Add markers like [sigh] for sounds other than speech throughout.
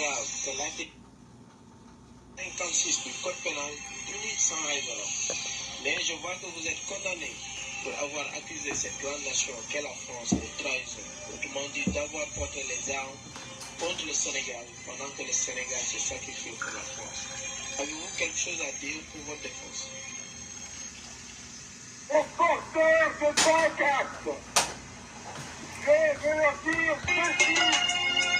grave que l'article 56 du Code pénal punit sans raison. Mais je vois que vous êtes condamné pour avoir accusé cette grande nation qu'est la France de trahison, autrement dit d'avoir porté les armes contre le Sénégal pendant que le Sénégal se sacrifie pour la France. Avez-vous quelque chose à dire pour votre défense Au porteur de pancartes, je veux dire ceci.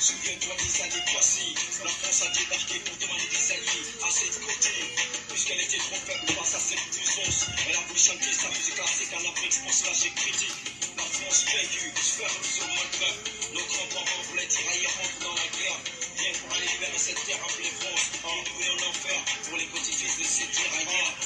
Souviens-toi des années passées, la France a débarqué pour demander des alliés À ses côtés, puisqu'elle était trop faible face à cette puissance, elle a pu chanter sa musique classique à la pour cela la critique La France j'ai eu sphère de sur malheur. Notre grand père voulait dire à y dans la guerre, rien pour aller vers cette terre en France, frousse. Un en enfer pour les petits fils de ces tyrans.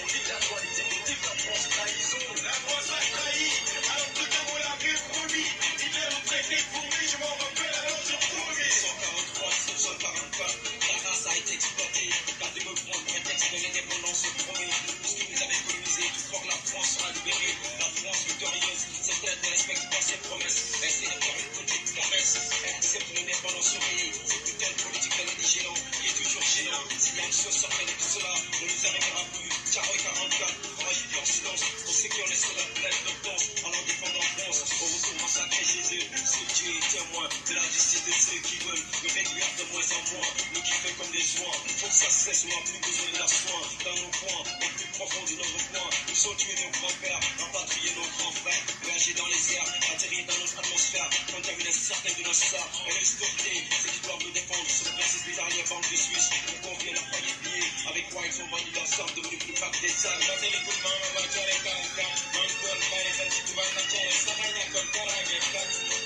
Alors que tu as volé à vie le premier, il est le traiter pour me, je m'en rappelle à l'heure de premier. 143, 144, la race a été exploité. Nous qui fait comme des soins. Faut que ça cesse, on plus besoin de la soin. Dans nos coins, au plus profond de nos coin, nous sommes tués nos grands-pères, nos grands frères, Voyager dans les airs, atterrir dans notre atmosphère. Quand de et ceux qui doivent nous défendre, le les banques de Suisse, pour avec quoi ils sont devenu plus des les ça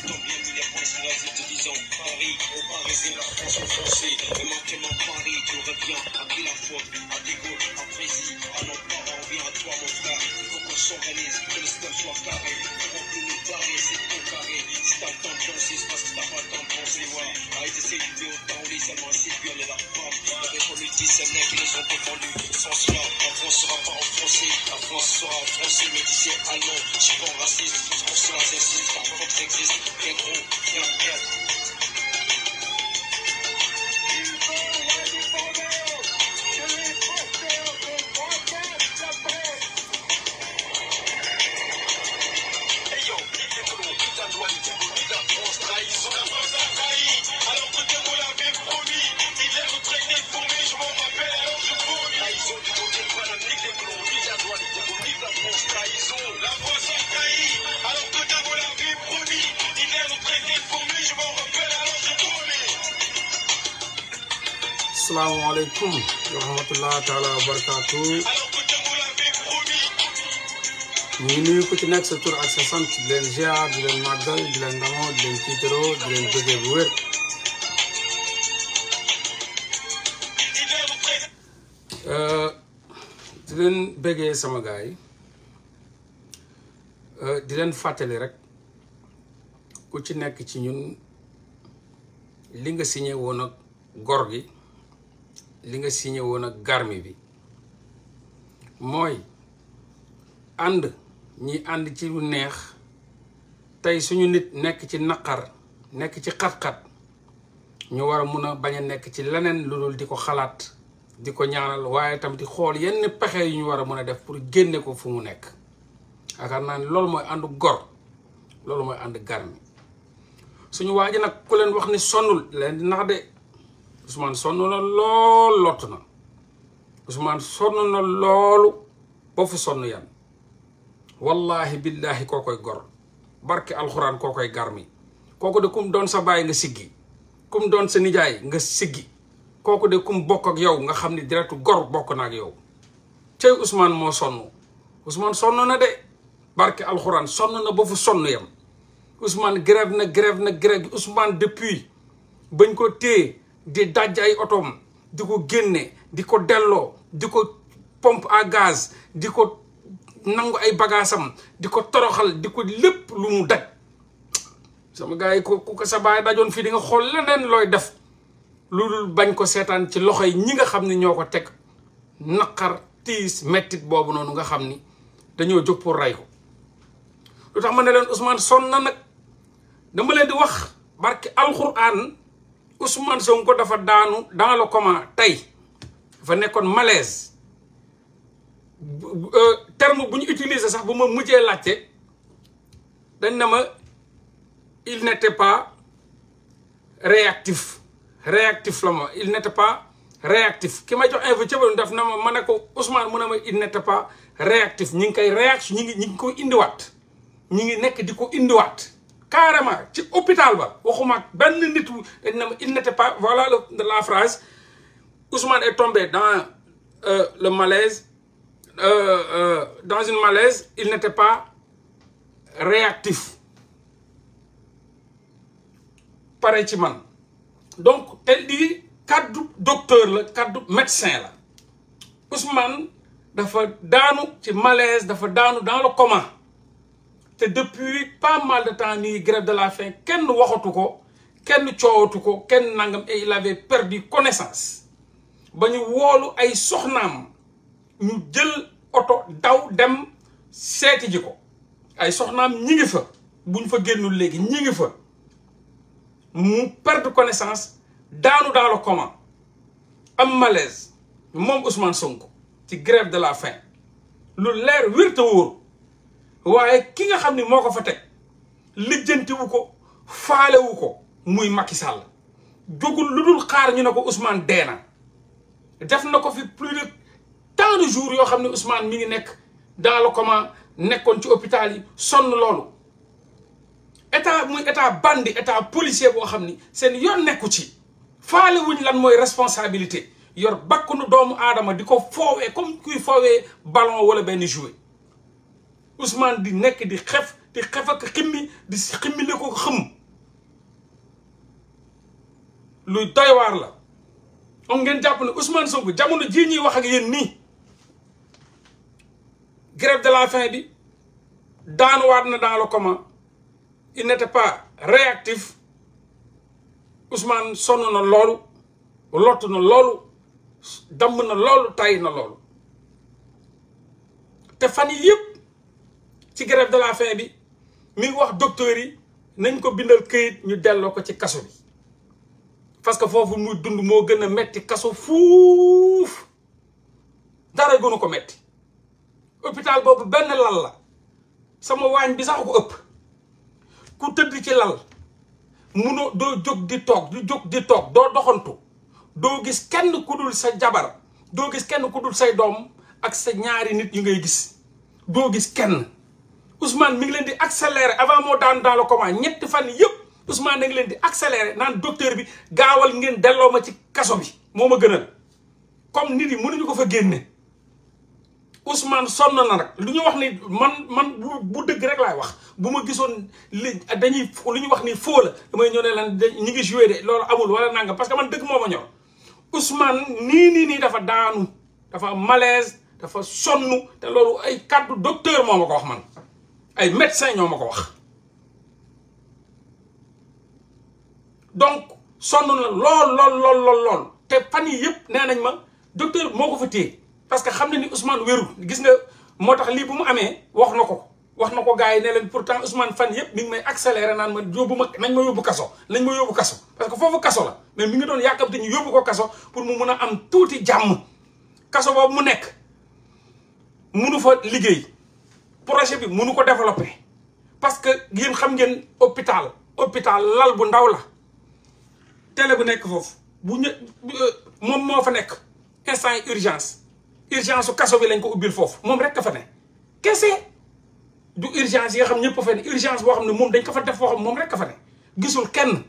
Combien de les français la te disant Paris, va arrêter la France en Français. Mais maintenant, Paris, tu reviens à qui la faute À Digo, à Prési, à nos parents, vient à toi, mon frère. Il faut qu'on s'organise, que le système soit carré. Pour que nous barrer, c'est ton carré. Si t'as le temps de penser, c'est parce que t'as pas le temps de penser, ouais. Arrête d'essayer de vidéos autant, les seulement si tu la femme. Avec on politiques, c'est ces qu'ils sont ont défendu. Sans cela, la France sera pas en français. La France sera en français, mais d'ici allemand, je suis pas raciste, on pour sera asalaamaaleykum wa rahmatulah taala barakaatu ñu ngi ku ci nekk sa tur ak sa sant di leen ziar di leen màggal di leen ndamoo di leen tiitaroo di leen bëggee euh, sama gaay euh, di leen fàttali rek ku ci nekk ci ñun li nga signé woon ak gor gi. li nga signé won ak garmi bi moy and ñi and ci lu neex tay suñu nit nek ci nakar nek ci khat khat ñu wara mëna baña nek ci lenen lu diko xalat ko ko ñaanal waye tam di xol yenn pexé yu ñu wara mëna def pour génné ko fu mu nek yaakaar lool moy andu gor lool moy garmi suñu waji nak ku len wax ni sonul len di nax de Ousmane sonn na lot na Ousmane sonn na loolu ba fu sonn yan wallahi billahi koo koy gor barke alxuraan koo koy garmi kooku de kum doon sa baay nga siggi kum doon sa nijaay nga siggi kooku de kum bokk ak yow nga xam ni direct gor bokk na ak yow cey Ousmane moo sonn Ousmane sonn na de barke alxuraan sonn na ba fu sonn yam Ousmane grève na grève na grève Ousmane depuis bañ ko téye di daj otom diko ko diko dello diko pompe à gaz diko nangu ay bagasam, diko toroxal diko lepp lu mu daj sama gaay ko ku ko sa baye dajon fi di nga xol lenen loy def lulul bagn ko setan ci loxo ñi nga xamni ñoko tek nakar tis naqar bobu nonu nga xamni dañu jog pour ray ko lutax ma ne len Ousmane na dama len di wax barki alquran Ousmane ko dafa daanu dans le coma tey fa nekkoon malaise euh, terme bu ñu utiliser sax bu ma mujjee laajte dañ na ma il n'était pas réactif réactif la ma il n'était pas réactif ki ma jox info cëbalu def na ma ma ne ko Ousmane mu ne ma il n'était pas réactif ñi ngi koy réaction ñi ngi ñi ngi koy indiwaat ñi ngi nekk di ko indiwaat carrément dans hôpital ba waxuma il n'était pas voilà la phrase Ousmane est tombé dans euh, le malaise euh, euh, dans une malaise il n'était pas réactif Pareil ci donc elle dit, quatre docteurs, quatre médecins Ousmane dafa malaise dans le coma depuis pas mal de temps une grève de la faim Ken waxatu ko perdu coowatu nangam et il avait perdu connaissance Il ñu a ay soxnaam ñu jël auto daw dem a jiko. ay connaissance dans le coma un malaise mon grève de la faim lu qui ki nga xamni moko fa teg lijeenti wuko faale wuko muy Macky Sall xaar ñu Ousmane Il def nako fi plus de tant de jours yo xamni Ousmane mi ngi dans le coma ci hôpital yi sonn lolu état muy état bandi état policier bo xamni seen nekku ci faale wuñ lan moy responsabilité yor nu doomu Il diko ko comme kuy ballon wala Ousmane di nekk di xef di xef ak ximmi di ximmi ne ko xëm luy doy waar la on ngeen jàpp ne Ousmane Sonko jamono jii ñuy wax ak yéen ni grève de la faim bi daan na dans le coma il n'était pas réactif Ousmane sonn na loolu lott na loolu damm na loolu tay na loolu te fan yi yëpp ci grève de la faim bi mi wax docteurs yi nañ ko bindal këyit ñu delloo ko ci kaso bi parce que foofu muy dund moo gën a metti kaso fuuf dara gënu ko metti hôpital boobu benn lal la sama waañ bi sax ko ëpp ku tëdd ci lal munoo doo jóg di toog du jóg di toog doo doxantu doo gis kenn ku dul sa jabar doo gis kenn ku dul say doom ak sa ñaari nit yu ngay gis doo gis kenn Ousmane mi ngi len di accélérer avant mo dan dans le coma ñetti fan yépp Ousmane ngi len di accélérer nan docteur bi gaawal ngeen delloo ma ci kasso bi moma gënal comme nit yi mënuñu ko fa génne Ousmane son na nak lu wax ni man man bu dëgg rek lay wax bu ma gisoon li dañuy lu ñu wax ni faux la damay ñëw né lan ñi ngi jouer dé loolu amul wala nangam parce que man dëgg moma ñor Ousmane ni ni ni dafa daanu dafa malaise dafa sonnu té loolu ay kàddu docteur moma ko wax man. ay médecins ñoo ma wax donc sonn na lool lool lool lool lool te fan yi yëpp nee nañ ma docteur moo ko fa téye parce que xam na ni Ousmane wérul gis nga moo tax lii bu mu amee wax na ko wax na ko gars yi ne leen pourtant Ousmane fan yëpp mi ngi may accélérer naan ma yóbbu ma nañ ma yóbbu kaso nañ ma yóbbu kaso parce que foofu kaso la mais mi ngi doon yàkkamte ñu yóbbu ko kaso pour mu mun a am tuuti jàmm kaso boobu mu nekk munu fa liggéey projet bi mënu ko développer parce que xam hôpital hôpital lal bu ndaw la télé bu bu euh, instant urgence urgence kasso bi lañ ko ubbil mom rek ka fa du urgence yi urgence dañ ko fa def rek ka fa gisul kenn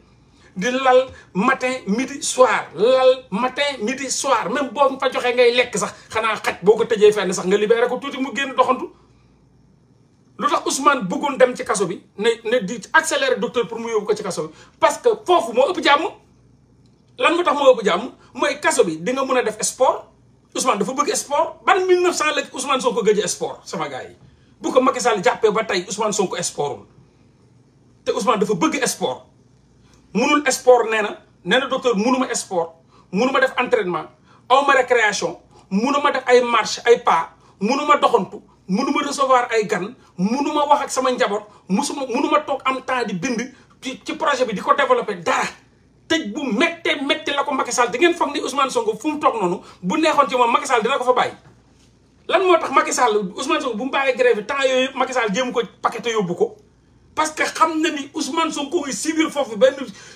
matin midi soir lal matin midi soir même fa joxe ngay lekk sax xana xaj fenn sax nga libéré ko mu lu tax Ousmane bëggoon dem ci kaso bi ne ne di accélérer docteur pour mu yóbbu ko ci kaso bi parce que foofu moo ëpp jàmm lan moo tax moo ëpp jàmm mooy kaso bi di nga mën a def sport Ousmane dafa bëgg sport ban 1900 la Ousmane Sonko gëj a sport sama gars bu ko Macky Sall jàppee ba tey Ousmane Sonko sportul te Ousmane dafa bëgg sport munul sport nee na nee na docteur munuma sport munuma def entraînement awma récréation munuma def ay marche ay pas munuma doxantu. mënuma recevoir ay gan mënuma wax ak sama njaboot musuma mënuma toog am temps di bind ci projet bi di ko développé dara tëj bu méttee métti la ko Macky Sall di ngeen foog ni Ousmane Sonko fu mu toog noonu bu neexoon ci moom Macky Sall ko fa bàyyi. lan moo tax Macky Sall Ousmane bu mu bàyyee grève temps yooyu yëpp Macky Sall jéem ko paqueté yóbbu ko parce que xam na ni Ousmane Sonko ngi subir foofu benn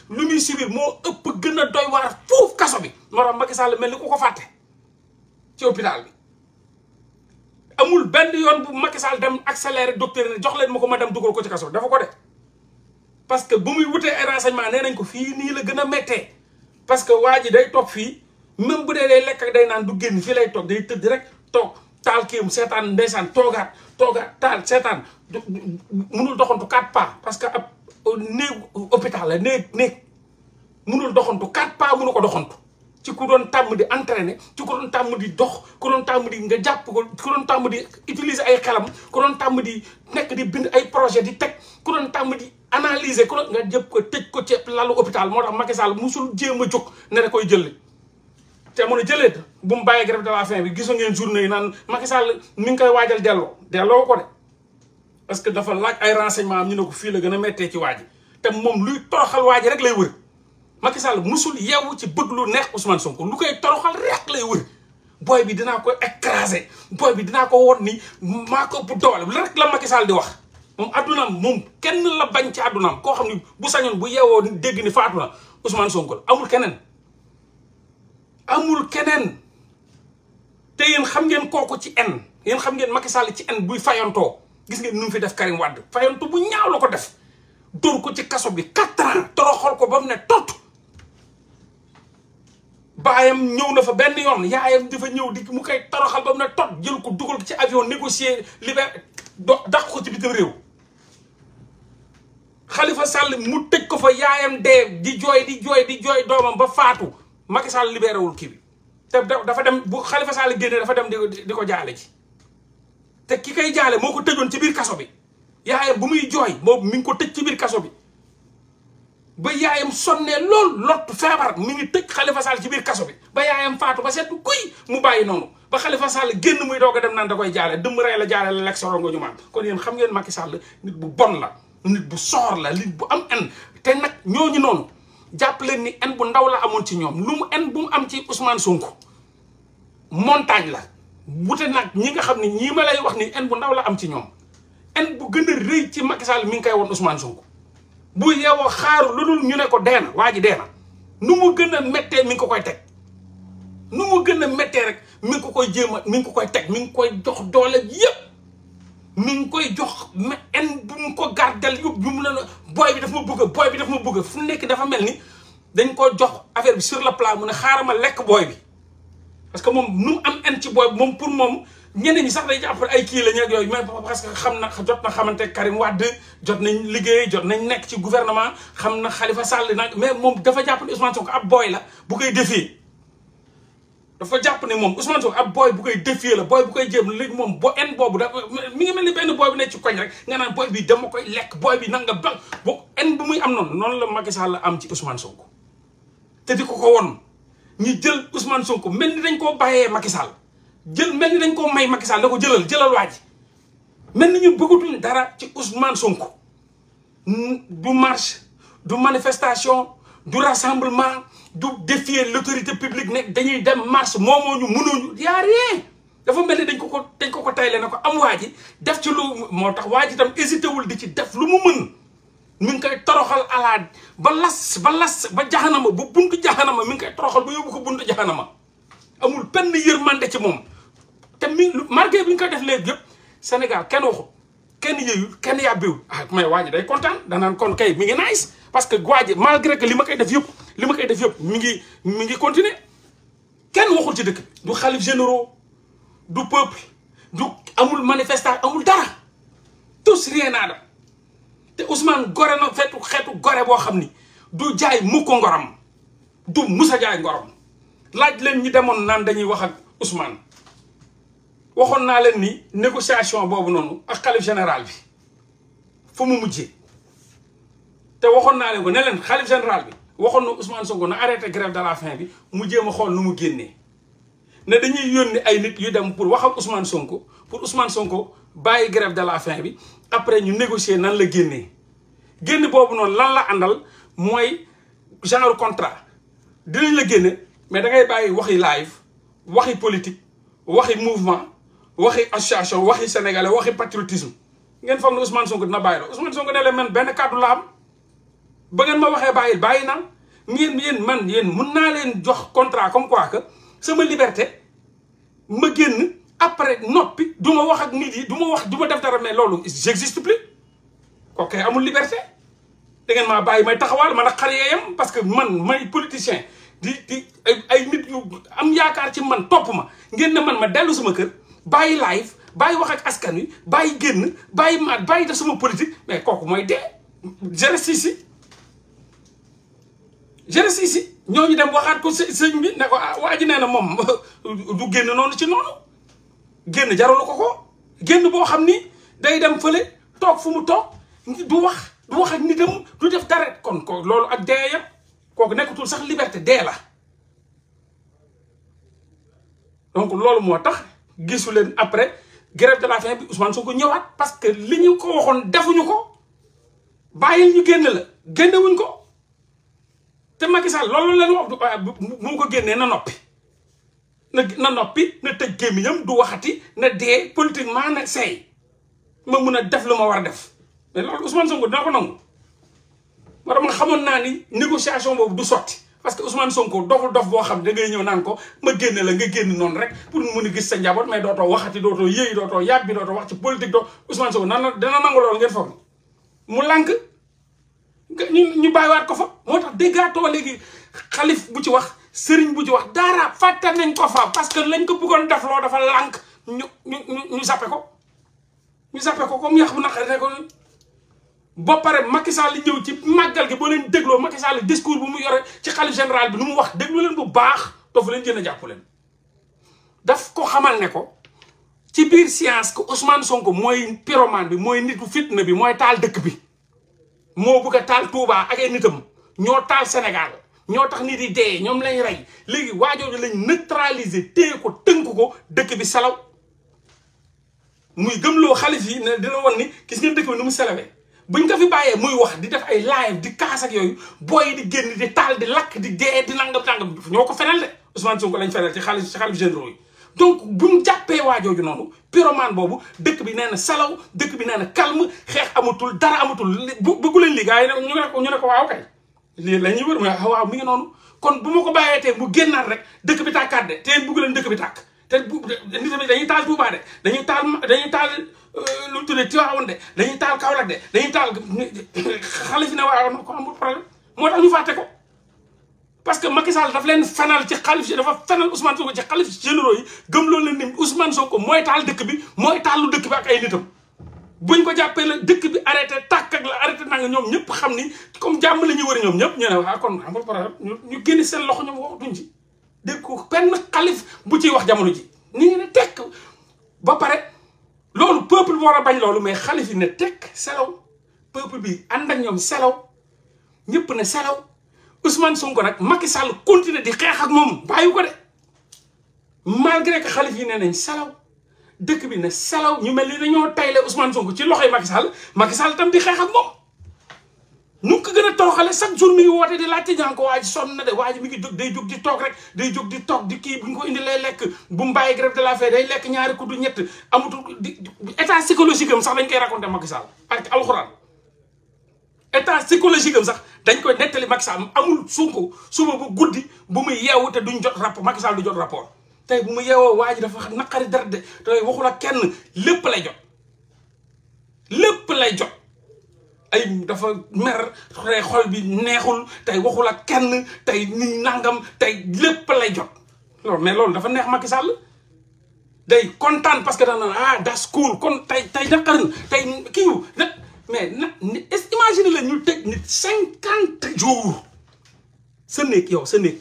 lu muy subir moo ëpp gën a doy waar foofu kaso bi moo tax Macky Sall mel ni ku ko fàtte ci hôpital bi. amul ben yon bu Macky Sall dem accélérer docteur ne jox len mako madame ma ko ci kasso dafa ko def parce que bu muy wutee renseignement né nañ ko fi ni la gëna metté parce que waji day top fi même bu dé lay lek ak day nan du génn fi lay toog day teud rek toog taal kiim seetaan ndeysaan toogaat toogaat taal seetaan munul doxantu quatre pas parce que ab néeg hôpital la néeg néeg munul doxantu quatre pas munu ko doxantu ci ku doon tam di entraîner ci ku doon tam di dox ku doon tam di nga japp ko ku doon tam di utiliser ay xalam ku doon tam di nek di bind ay projet di tek ku doon tam di analyser ku doon nga jep ko tej ko ci lalu hôpital motax Macky Sall musul jema juk ne da koy jëlee. te mo a jëlee bu mbaay grève de la faim bi gisoo ngeen journée nan Macky Sall mi ngi koy waajal delo delo ko dé parce que dafa laaj ay renseignement ñu ne ko fi la gëna metté ci té mom luy toroxal rek lay wër. Macky Sall musul yeewu ci bëgg lu neex Ousmane Sonko lu koy toroxal rek lay wër booy bi dinaa ko écrasé booy bi dinaa ko won ni maa ko bu doole rek la Macky Sall di wax. moom addunaam moom kenn la bañ ci addunaam koo xam ni bu sañoon bu yeewoo dégg ni faatu na Ousmane Sonko amul keneen amul keneen te yéen xam ngeen kooku ci en yéen xam ngeen Macky Sall ci en buy fayantoo gis ngeen nu fi def Karim Wade fayanto bu ñaaw la ko def dóor ko ci kaso bi quatre ans toroxal ko ba mu ne tott baayam ñëw na fa benn yoon yaayam dafa ñëw di mu koy toroxal ba mu ne tot jël ko dugal ci avion négocier do dax ko ci bitim réew Khalifa Sall mu tëj ko fa yaayam de di jooy di jooy di jooy doomam ba faatu Macky Sall libéré wul kii bi te dafa dem bu Khalifa Sall génnee dafa dem di ko jaale ci te ki koy jaale moo ko tëjoon ci biir kaso bi yaayam bu muy jooy moom mi ngi ko tëj ci biir kaso bi ba yaayam sonnee loolu lott feebar mu ngi tëj Khalifa Sall ci biir kaso bi ba yaayam faatu ba seetlu kuy mu bàyyi noonu ba Khalifa Sall génn muy doog a dem naan da koy jaale dëmm rey la jaale la lekk sa rongo ñu maam kon yéen xam ngeen Macky Sall bu bon la nit bu soor la nit bu am en te nag ñooñu noonu jàpp leen ni en bu ndaw la amoon ci ñoom lu mu en bu mu am ci Ousmane Sonko montagne la wute nag ñi nga xam ne ñii ma wax ni en bu ndaw la am ci ñoom en bu gën a rëy ci Macky Sall mi ngi koy woon Ousmane Sonko bu yeewoo xaaru lu dul ñu ne ko dee na waa ji dee na nu mu gën a méttee mi ngi ko koy teg nu mu gën a méttee rek mi ngi ko koy jéem a mi ngi ko koy teg mi ngi koy jox doole yëpp mi ngi koy jox ma en bu mu ko gardel yëpp bu ne booy bi daf ma bëgg booy bi daf ma bëgg fu nekki dafa mel ni dañ ko jox affaire bi sur la plat mu ne xaaral ma lekk booy bi parce que moom nu mu am en ci booy moom pour moom ñeneen ñi sax day jàpp ay kii la ñu ak yooyu mais parce que xam na jot na xamante Karim Wade jot nañ liggéey jot nañ nekk ci gouvernement xam na xalifa Sall nag mais moom dafa jàpp ne Ousmane Sonko ab booy la bu koy dafa jàpp ne moom Ousmane Sonko ab bu koy défier la booy bu koy jéem léegi moom bo en boobu dafa mi ngi ni benn booy bu nekk ci koñ rek nga naan booy bi dama koy lekk booy bi nanga ba bu en bu muy am noonu noonu la Macky Sall am ci Ousmane Sonko. te di ko ko woon ñu jël Ousmane Sonko mel ni dañ koo bàyyee Macky Sall jël mel ni dañ koo may Macky Sall da ko jëlal jëlal waa ji mel ni ñu bëggatuñ dara ci Ousmane Sonko du marche du manifestation du rassemblement du défier l'autorité publique ne dañuy dem marche moomoo ñu mënooñu yaa rien dafa mel ni dañ ko ko dañ ko ko tayle na ko am waa ji def ci lu moo tax waa ji tam hésité wul di ci def lu mu mën mi ngi koy toroxal alaaj ba las ba las ba jaxanama ba buntu jaxanama mi ngi koy toroxal ba yóbbu ko buntu jaxanama amul man de ci moom te mi marqué bi ñu ko def léegi yëpp Sénégal kenn waxu kenn yëyul kenn yàbbiwul ah mais waa ji day kontaan danaan kon kay mi ngi nice parce que waa ji malgré que li ma koy def yëpp li ma koy def yëpp mi ngi mi ngi continuer kenn waxul ci dëkk du xalif généraux du peuple du amul manifestation amul dara tous rien nada te Ousmane gore na fetu xeetu gore boo xam ni du jaay mukk ngoram du musa jaay ngoram laaj leen ñi demoon naan dañuy wax ak Ousmane waxoon naa leen ni négociation boobu noonu ak xalif général bi fu mu mujjee te waxoon naa leen ko ne leen xalif général bi waxoon na Ousmane Sonko na arrêté grève de la faim bi mu jéem nu mu génnee ne dañuy yónni ay nit yu dem pour wax ak Ousmane Sonko pour Ousmane Sonko bàyyi grève de la faim bi après ñu négocier nan la génnee génn boobu noonu lan la àndal mooy genre contrat dinañ la génne mais da ngay wax waxi live waxi politique waxi mouvement. waxi association waxi sénégalais waxi patriotisme ngeen foog ne Ousmane Sonko dina bàyyi la Ousmane Sonko ne leen man benn kàddu la am ba ngeen ma waxee bàyyil bàyyi naa ngeen yéen man yéen mun naa leen jox contrat comme quoi que sama liberté ma génn après noppi du ma wax ak nit yi du ma wax du ma def dara mais loolu j'existe plus kooku amul liberté dangeen ngeen maa bàyyi may taxawaal ma ak xar yeeyam parce que man may politicien di di ay mit yu am yaakaar ci man topp ma ngeen ne man ma dellu sama kër. bàyyi live bàyyi wax ak askan wi bàyyi génn bàyyi maat bàyyi de sama politique mais kooku mooy dee je reste ici je ñooñu dem waxaat ko sëñ bi ne ko ah, waa ji nee na moom [laughs] du génn noonu ci noonu génn jaralu ko ko génn boo xam ni day dem fële toog fu mu toog du wax du wax ak nitam du def dara kon ko loolu ak dee yam kooku nekkatul sax liberté dee la donc loolu moo tax gisu leen après grève de la faim bi Ousmane Sonko ñëwaat parce que li ñu ko waxoon defuñu ko bàyyil ñu génn la génnewuñ ko te Macky Sall loolu leen wax ah, bu mu ko génnee na noppi na na noppi na tëj gémmiñam du waxati na dee politiquement na seey ma mun a def lu ma war a def mais loolu Ousmane Sonko dina ko nangu ma dama xamoon naa ni négociation boobu du sotti parce que Ousmane Sonko doful dof boo xam ne ñëw naan ko ma génne la nga génn noonu rek pour mu mun a gis sa njaboot mais dootoo waxati dootoo yëy dootoo yàbbi dootoo wax ci politique doo Ousmane Sonko nan dana nangu ngeen foog mu lànk ñu ñu bàyyiwaat ko fa moo tax déggaatoo léegi xalif bu ci wax sëriñ bu ci wax dara fàtte nañ ko fa parce que lañ ko bëggoon def loo dafa lànk ñu ñu ñu zappe ko ñu zappe ko comme yàq bu naqari ne ko ba pare Macky Sall ñëw ci màggal gi boo leen dégloo Macky Sall discours bu mu yore ci xalif général bi nu mu wax déglu leen bu baax doofu leen jën a jàpp leen daf ko xamal ne ko ci biir science que Ousmane Sonko mooy pyromane bi mooy nit bu fitna bi mooy taal dëkk bi moo bugg a taal Touba ak ay nitam ñoo taal senegal ñoo tax nit yi dee ñoom lañ rey léegi waajooju lañ neutraliser téye ko tënk ko dëkk bi salaw muy loo xalif yi ne dina won ni gis ngeen dëkk nu mu selawee buñ ko fi bàyyee muy wax di def ay live di kaas yooyu booy di génn di taal di lakk di dee di nangam nangam ñoo ko fenal de Ousmane Sonko lañ fenal ci xaalis ci xaalis généraux yi donc buñ jàppee waajooju noonu piromaan boobu dëkk bi nee na salaw dëkk bi nee na calme xeex amatul dara amatul bu bëggu leen lii gars yi ñu ne ko ñu ne ko waaw kay lii la ñuy wër mu ah, waaw mi ngi noonu kon bu ma ko bàyyee tey bu génnaan rek dëkk bi tàkkaat de te bëggu leen dëkk bi tàkk te bu nit dañuy taal Touba de dañuy taal dañuy taal Euh, lu mu tuddee Tiwaawoon de dañuy taal Kaolack de dañuy taal xale fi ne waawoon ko amul problème moo tax ñu fàtte ko parce que Macky Sall daf leen fanal ci xalif si dafa fanal Ousmane Sonko ci xalif généraux yi gëm loolu leen ni Ousmane mooy taal dëkk bi mooy taalu dëkk bi ak ay nitam buñ ko jàppee la dëkk bi arrêté tàkk la arrêté nanga ñoom ñëpp xam ni comme jàmm la ñuy wër ñoom ñëpp ñu ne waa kon amul problème ñu génn seen loxo ñoom waxatuñ ci dégg ko benn xalif bu ciy wax jamono ji ni ngi ne tekk ba pare loolu peuple bi war a bañ loolu mais xalif yi ne tekk selaw peuple bi ànd ak ñoom selaw ñëpp ne selaw Ousmane Sonko nag Macky Sall continuer di xeex ak moom bàyyi ko de malgré que xalif yi ne nañ selaw dëkk bi ne selaw ñu mel ni dañoo tayle Ousmane Sonko ci loxoy Macky Sall Macky Sall tam di xeex ak moom ñu ngi ko gën a tooxale chaque jour mi ngi woote di laajte ñaan ko waaj son sonn na de waa ji mi ngi jóg day jóg di toog rek day jóg di toog di kii bu ñu ko indi lay lekk bu mu bàyyi grève de la faim day lekk ñaari kuddu ñett amatul di état psychologique am sax dañ koy raconté Macky Sall parce que alxuraan am sax dañ koy nettali Macky Sall amul Sonko suba bu guddi bu muy yeewu te duñ jot rapport Macky Sall du jot rapport te bu mu yeewoo waa ji dafa naqari dara de te waxul ak kenn lépp lay jot lépp lay jot ay dafa mer tey xol bi neexul tey waxul ak kenn tey ni nangam tey lépp lay jot loolu mais loolu dafa neex Macky sàll day kontaan parce que dana ah das cool kon tey tey naqar na tey kiiw mais na est imagine la ñu tëj nit cinquante jours sa néeg yow sa néeg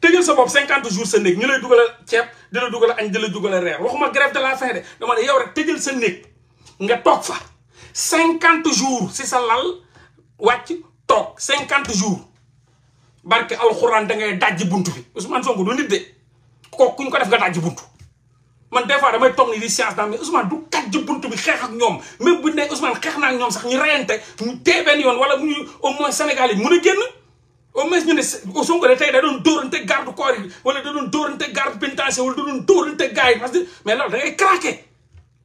tëjal sa bopp cinquante jours sa néeg ñu lay dugal ceeb di la dugal añ di la dugal reer waxuma grève dalaa la faim de dama ne yow rek tëjal sa néeg nga toog fa cinquante jours si sa lal wàcc toog cinquante jours barke alxuraan da ngay dajji buntu bi Ousmane Sonko du nit de ku kuñ ko def nga dajji buntu man des fois damay toog ni di science naa mais Ousmane du dajji buntu bi xeex ak ñoom même bu ne Ousmane xeex naa ñoom sax ñu reyante ñu tee benn yoon wala mu ñu au moins Sénégal yi mun a génn au moins ñu ne Sonko de tey da doon dóorante garde corps yi wala da doon dóorante garde pénitentiaire wala da doon dóorante gars parce que mais loolu da ngay craqué.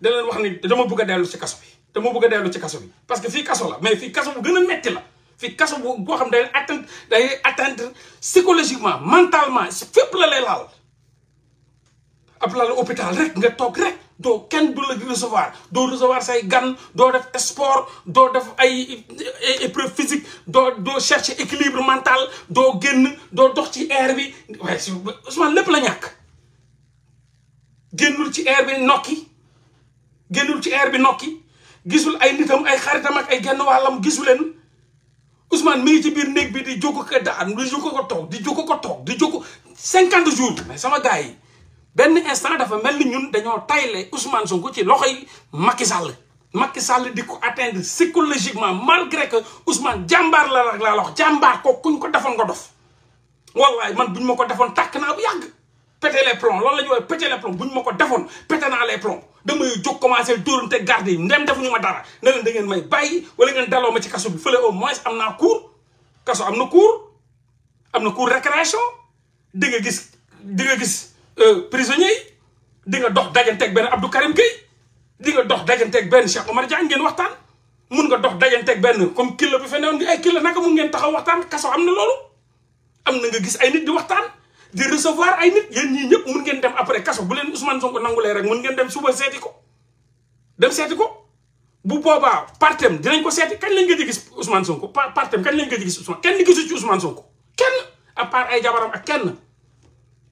da wax ni dama bëgg a dellu si kaso bi dama bëgg a dellu ci kaso bi parce que fii kaso la mais fii kaso bu gën a metti la fii kaso bu boo xam day atteint day atteindre psychologiquement mentalement fépp la lay laal ab lal hôpital rek nga toog rek doo kenn du la recevoir doo recevoir say gan doo def sport doo def ay épreuve physique doo doo chercher équilibre mental doo génn doo dox ci air bi waaye Ousmane lépp la ñàkk génnul ci air bi nokki génnul ci air bi nokki gisul ay nitam ay xaritam ak ay genn wàllam gisu leen Ousmane mi ngi ci biir néeg bi di jóg ko daan di jóg ko toog di jóg ko toog di jóg cinquante jours mais sama gars yi benn instant dafa mel ni ñun dañoo tayle Ousmane Sonko ci loxoy makki sàll Macky sàll di ko atteindre psychologiquement malgré que Ousmane jàmbaar la rek laa lox jàmbaar ko kuñ ko defoon nga dof wallaay man buñ ma ko defoon tàkk naa bu yàgg pété les plombs loolu la ñu woowee pété les plombs ma ko defoon pété naa les plombs damay jóg commencé dóorante garde yi ndem defuñu ma dara ne leen da ngeen may bàyyi wala ngeen daloo ma ci kaso fële au moins am naa cour kaso am na cour am na cour récréation di nga gis di nga gis euh, prisonniers yi di nga dox dajanteeg benn Abdou Karim Gueye di nga dox dajanteeg benn Cheikh Omar Diagne ngeen waxtaan mun nga dox dajanteeg benn comme killa bi fe newoon ay kilo naka mun ngeen taxaw waxtaan kaso am na loolu am na nga gis ay nit di waxtaan di recevoir ay nit yéen ñii ñëpp mun ngeen dem après kaso bu leen Ousmane Sonko nangulee rek mun ngeen dem suba seeti ko dem seeti ko bu boobaa partem dinañ ko seeti kañ lañ nga gis Ousmane Sonko partem kañ lañ nga gis Ousmane kenn gisu ci Ousmane Sonko kenn à ay jabaram a kenn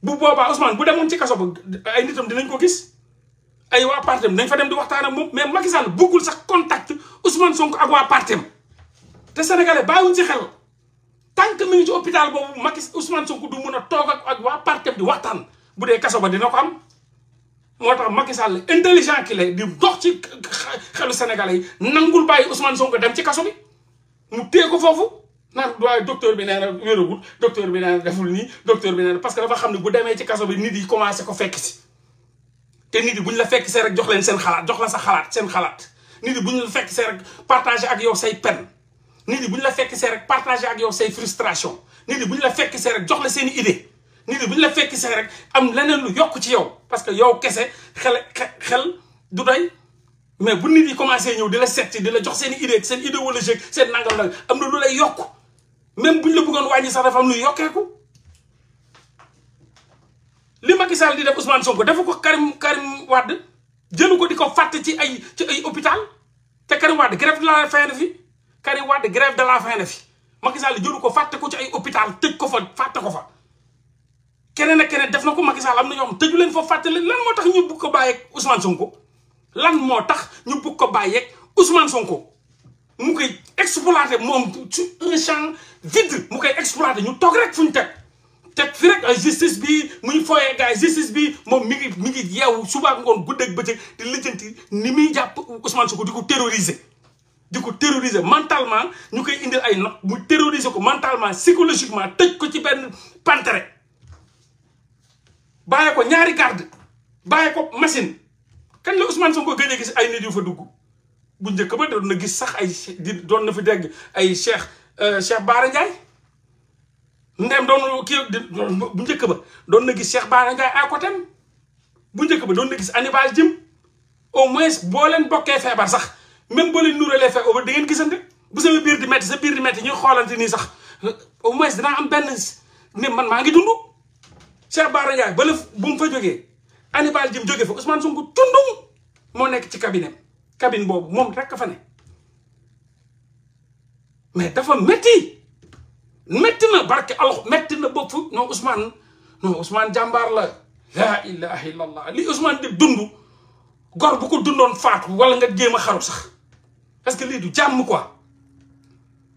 bu boobaa Ousmane bu demoon ci kaso ba ay nitam dinañ ko gis ay waa partem nañ fa dem di waxtaan moom mais Macky Sall bëggul sax contact Ousmane Sonko ak waa partem te sénégalais bàyyiwuñ ci xel. tant que mi ci hôpital boobu Macky Ousmane Sonko du mën a toog ak ak waa parti di waxtaan bu dee kaso ba dina ko am moo tax Macky Sall intelligent ki lay di dox ci xelu sénégalais yi nangul bàyyi Ousmane Sonko dem ci kaso bi mu téye ko foofu naan waaye docteur bi nee na wéragul docteur bi nee na deful nii docteur bi nee na parce que dafa xam ne bu demee ci kaso bi nit yi commencé ko fekk si te nit yi bu ñu la fekk seer ak jox lañ seen xalaat jox la sa xalaat xalaat nit bu ñu fekk see partagé ak yow say peine ni ñi la fekk see rek partager ak yow say frustration ni ñi la fekk see rek jox la seen i idée ni ñi vous la fekk see rek am leneen lu yok ci yow parce que yow kessé xel xel du doy mais bu nit yi commencé ñëw di la seet di la jox seen cette idée seen idéologique seen nangam nag am na lu lay yok même buñ la bëggon wañi sax dafa am lu yokkeeku. li Macky di def Ousmane Sonko dafa ko Karim Karim Wade jëlu ko diko ko ci ay ci ay hôpital té Karim Wade grève de la fin fi. Karim Wade grève de la faim na fi Macky Sall jëlu ko fàtte ko ci ay hôpital tëj ko fa fàtte ko fa. keneen a keneen def na ko Macky am na ñoo xam tëju leen fa fàtte leen lan moo tax ñu bugg ko bàyyeeg Ousmane Sonko lan moo tax ñu bugg ko bàyyeeg Ousmane Sonko mu koy exploité moom ci un champ mu koy exploité ñu toog rek fu ñu teg. teg fi rek justice bi muy foyee gars justice bi moom mu ngi mi ngi yeewu suba ngoon guddeeg bëccëg di lijjanti ni muy jàpp Ousmane Sonko di ko terroriser. di ko terroriser mentalement ñu koy indil ay nopp mu terroriser ko mentalement psychologiquement tëj ko ci benn pantere bàyyi ko ñaari garde bàyyee ko machine kañ la Ousmane Sonko gëj a gis ay nit yu fa dugg bu njëkk ba doon na gis sax ay di doon na fi dégg ay Cheikh euh, Cheikh Baara Ndiaye ndem doon kii bu njëkk ba doon na gis Cheikh Baara Ndiaye à bu njëkk ba doon na gis Hannibal Djim au moins boo leen bokkee feebar sax. même boo leen nuuralee fekk ba da ngeen gisante bu sama biir di métti sa biir di métti ñu xoolante nii sax au moins dinaa am benn ne man maa ngi dund. Cheikh Bara Ndiaye ba lëf bu mu fa jógee Hannibal Djim jóge fa Ousmane Sonko tundum moo nekk ci cabinet cabine boobu moom rek fa mais dafa métti métti na barke alx na bopp non Ousmane jàmbaar la laa ilaha illallah li Ousmane di dund gor bu ko dundoon faatu wala nga jéem a xaru sax parce que lii du jàmm quoi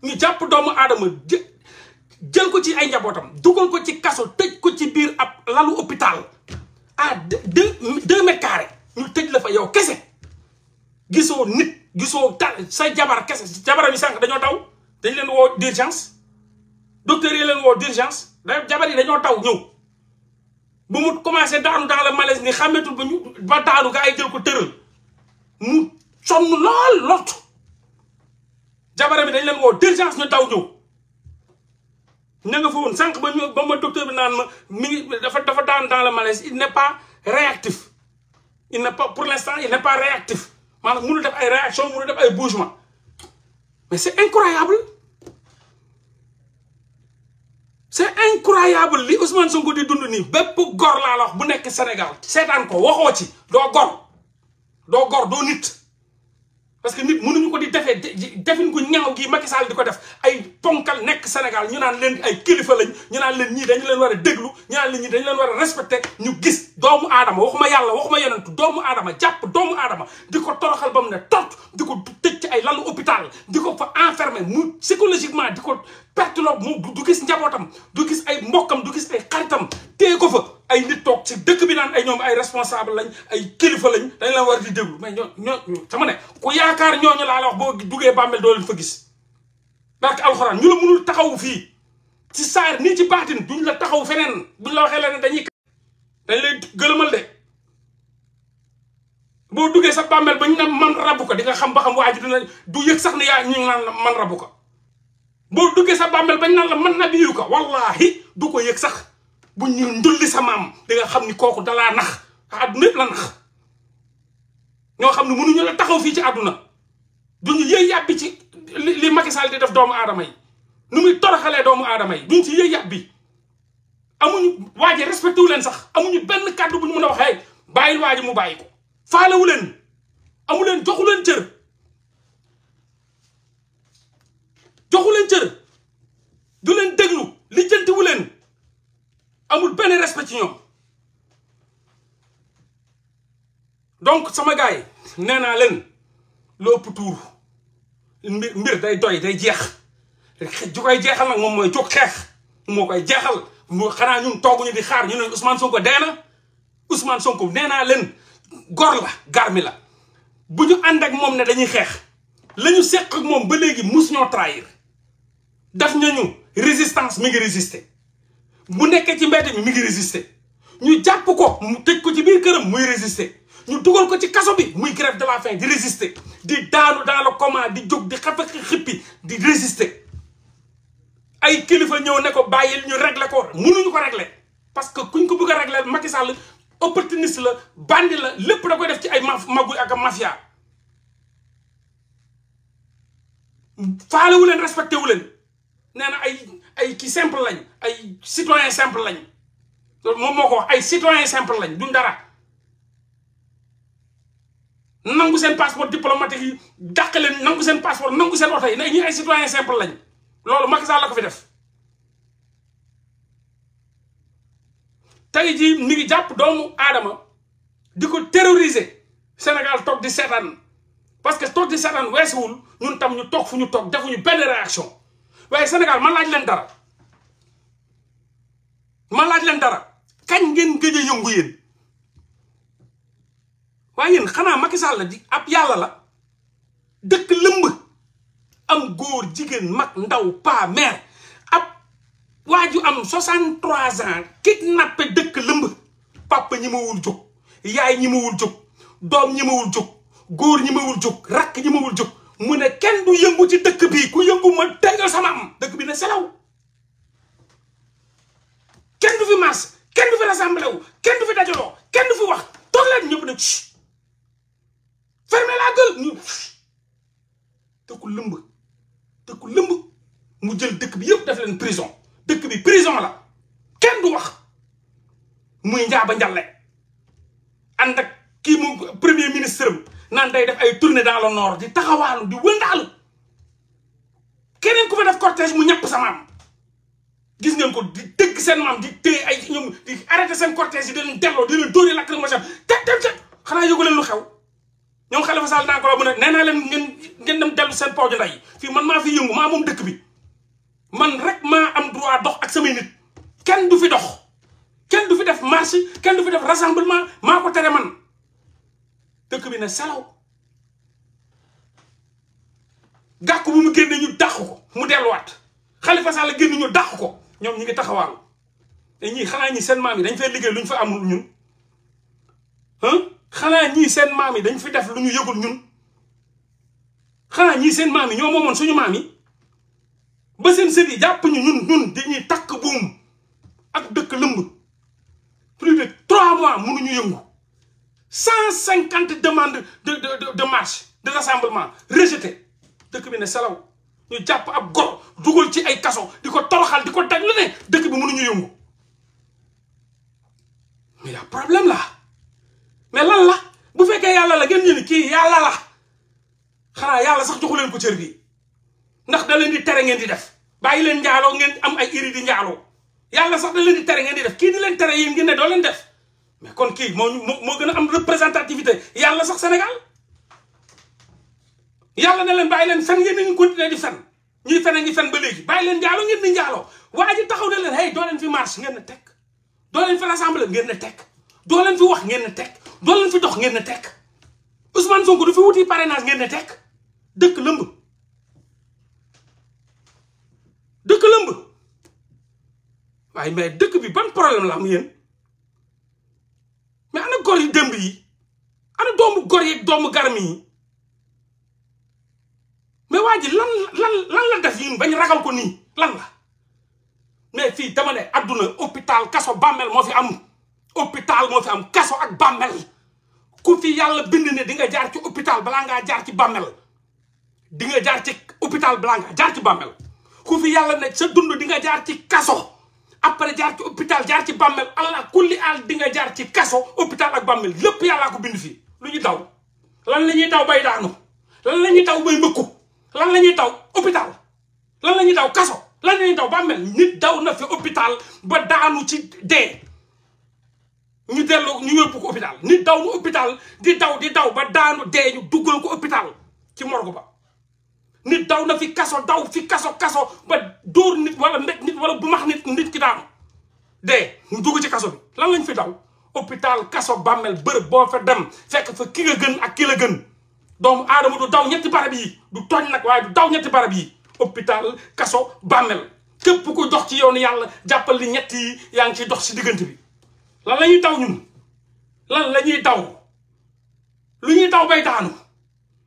ñu jàpp doomu aadama jël ko ci ay njabootam dugal ko ci kaso tëj ko ci biir ab lalu hôpital à deux deux mètres carrés ñu tëj la fa yow kese gisoo nit gisoo ta sa jabar kese jabaram yi sànq dañoo taw dañ leen woo d'urgence docteur yi leen woo d'urgence da jabar yi dañoo taw ñëw bu mu commencé daanu dans le malaise ni xàmmeetul ba ñu ba daanu gaa yi jël ko tëral mu sonn lool lot jabara bi dañ leen woo d'urgence ñu daw ñëw ña nga fa woon sànq ba ñu ba ma docteur bi naan ma mi ngi dafa dafa daan dans le malaise il n'est pas réactif il n'est pas pour l'instant il n'est pas réactif maanaam mënu def ay réaction mënu def ay bougement mais c'est incroyable c'est incroyable li Ousmane Sonko di dund nii bépp gor laa la bu nekk Sénégal seetaan ko waxoo ci doo gor doo gor doo nit parce que nit mënuñu ko di defee defin gu ñaaw gi Macky di ko def ay ponkal nekk Sénégal ñu naan leen ay kilifa lañ ñu naan leen ñii dañu leen war a déglu ñu naan leen ñii dañu leen war a respecté ñu gis doomu aadama waxuma yàlla waxuma yonentu doomu aadama jàpp doomu aadama di ko toroxal ba ne tort di ko tëj ci ay lalu hôpital di ko fa enfermé mu psychologiquement di ko perte loolu du gis njabootam du gis ay mbokkam du gis ay xaritam téye ko fa ay nit toog ci dëkk bi naan ay ñoom ay responsable lañ ay kilifa lañ dañ la di déglu mais ñoo ñoo sama ne ku yaakaar ñooñu laa la wax boo duggee bàmmeel fa gis barke alxuraan ñu la mënul taxaw fii ci saar nii ci baatin duñ la taxaw feneen buñ la waxee dañuy dañ lay gëlëmal de boo duggee sa bàmmeel ba ñu ne man rabu ko di nga xam ba xam waa ji dina du yëg sax ne yaa ñu naan man rabu ko boo duggee sa bàmmeel bañ naan la man na biyu ko wallaahi du ko yëg sax bu ñu ndulli sa maam di xam ni kooku dalaa nax àdduna yëpp la nax ñoo xam ne mënuñu la taxaw fii ci àdduna duñu yëy yàbbi ci li Macky di def doomu aadama yi nu muy toroxalee doomu aadama yi duñ ci yëy yàbbi amuñu waaje respecté leen sax amuñu benn kàddu bu ñu mën a waxee bàyyil waaji mu bàyyi ko faalewu leen amu leen joxu leen cër joxu leen cër du leen déglu lijjantiwu leen amul benn respect ñoom donc sama gars yi nee naa leen loo ëpp tuur mbir mbir day doy day jeex ju koy jeexal nag moom mooy jóg xeex moo koy jeexal mu xanaa ñun tooguñu di xaar ñu ne Ousmane ko dee na usmaan Sonko nee naa leen gor la garmi la bu ñu ànd ak moom ne dañuy xeex la ñu seq moom ba léegi mus ñoo trahir daf nañu résistance mi ngi résister bu nekkee ci mbedd mi mi ngi résister ñu jàpp ko mu tëj ko ci biir këram muy résister ñu dugal ko ci kaso bi muy grève de la faim di résister di daanu dans le di jóg di xafe xippi di résister ay kilifa ñëw ne ko bàyyil ñu régler ko mënuñu ko régler parce que kuñ ko bëgg a régler Macky Sall opportuniste la bandi la lépp da koy def ci ay magu ak mafia faale wu leen wu leen nee na ay ay ki simple lañ ay citoyen simple lañ loolu moom moo ko ay citoyen simple lañ duñ dara nangu seen passeport diplomatique yi dàq leen nangu seen passeport nangu seen oto na ne ñi ay citoyen simple lañ loolu Macky Sall la ko fi def tey jii mi jàpp doomu aadama di ko terroriser senegal toog di seetaan parce que toog di seetaan weesuwul ñun tam ñu toog fu ñu toog defuñu benn réaction waaye Sénégal ma laaj leen dara ma laaj leen dara kañ ngeen gëj a yëngu yéen waaye yéen xanaa Macky Sall di ab yàlla la dëkk lëmb am góor jigéen mag ndaw pa mère ab ji am 63 ans kidnappé dëkk lëmb papa ñi ma wul jóg yaay ñi ma wul jóg doom ñi ma wul jóg góor ñi ma wul jóg rakk ñi wul jóg mu ne kenn du yëngu ci dëkk bi ku yëngu ma tëngal sama am dëkk bi ne selaw kenn du fi marche kenn du fi rassemblé wu kenn du fi dajaloo kenn du fi wax toog leen ñëpp ne fermé la gueule ñu dëkku lëmb dëkku lëmb mu jël dëkk bi yëpp def leen prison dëkk bi prison la kenn du wax muy njaaba njalle ànd ak kii mu premier ministre am naan day def ay tournée dans le nord di taxawaalu di wëndaalu keneen ku fa def cortège mu ñëpp sa gis ngeen ko di dëgg seen maam di téye ay ñoom di arrêté seen cortège yi di leen delloo di leen dóori lacrymogène te te te xanaa yëgu leen lu xew ñoom Khalifa Sall naa ko la ne nee naa leen ngeen ngeen dem dellu seen pooju nday fii man maa fi yëngu maa moom dëkk bi man rek maa am droit dox ak samay nit kenn du fi dox kenn du fi def marche kenn du fi def rassemblement maa ko tere man dëkk bi na salaw gàkku bu mu génnee ñu dàq ko mu delluwaat Xalifa Sall génn ñu dàq ko ñoom ñu ngi taxawaalu te ñii xanaa ñii seen maam yi dañ fay liggéey lu ñu fa amul ñun xanaa ñii seen yi dañ fi def lu ñu yëgul ñun xanaa ñii seen maam yi ñoo moomoon suñu maam yi ba seen sët yi jàpp ñu ñun ñun dañuy takk buum ak dëkk lëmb plus de trois mois mënuñu yëngu 150 demandes de de de marche de rassemblement rejetées nous bi ne salaw ñu jàpp ab gor dugal ci ay kaso di ko toroxal di ko daj lu ne dëkk bi mënuñu yëngu mais la y'a problème là mais lan la bu fekkee yàlla la ngeen ñu ni kii la xanaa yàlla sax joxu leen ko cër bi ndax da leen di tere ngeen di def bàyyi leen njaaloo ngeen am ay iri di njaaloo yàlla sax da leen di tere ngeen di def kii di leen tere yéen ngeen ne doo leen def. mais kon kii moo moo moo gën a am représentativité yàlla sax Sénégal yàlla na leen bàyyi leen fen ngeen nañu continuer di fen ñuy fen a ngi fen ba léegi bàyyi leen njaalo ngeen ni njaaloo waa ji taxaw na leen hey doo leen fi marche ngeen na tekk doo leen fi rassemble ngeen na tekk doo leen fi wax ngeen na tekk doo leen fi dox ngeen na tekk Ousmane Sonko du fi wuti parrainage ngeen na tekk dëkk lëmb dëkk lëmb waaye mais dëkk bi ban problème la am yéen mais ana gor yu yi ana doomu gor yeeg doomu garmi yi mais waa ji lan lan lan la def yi bañ ragal ko nii lan la mais fii dama ne àdduna hôpital kaso bàmmeel moo fi am hôpital moo fi am kaso ak bàmmeel ku fii yàlla bind ne di nga jaar ci hopital balaa ngaa jaar ci bàmmeel di nga jaar ci hôpital balaa ngaa ci bàmmeel ku fi yàlla ne sa dund di nga jaar ci kaso après jaar ci hôpital jaar ci bàmmel allah kulli al di nga jaar ci kaso hôpital ak bàmmel lépp yàllaa ko bind fii lu ñu daw lan la ñuy daw bay daanu lan la ñuy daw bay mbëkku lan la ñuy daw hôpital lan la ñuy daw kaso lan la ñuy daw bàmmel nit daw na fi opital ba daanu ci dee ñu delloo ñu yóbbu ko hôpital nit daw na hôpital di daw di daw ba daanu dee ñu duggal ko hôpital ci morgue ba nit daw na fi kaso daw fi kaso kaso ba dóor nit wala mbéj nit wala bu max nit nit ki daanu de mu dugg ci kaso bi lan lañu fi daw hôpital kaso bàmmeel bërëb dem fekk fa ki ak ki gën doomu aadama du daw ñetti barab yi du tooñ nag waaye du daw ñetti barab yi hôpital kaso bàmmeel képp ku dox ci yoonu yàlla jàppal li ñetti yi yaa ngi ciy dox ci diggante bi lan la ñuy daw ñun lan lañuy ñuy daw lu ñuy daw bay daanu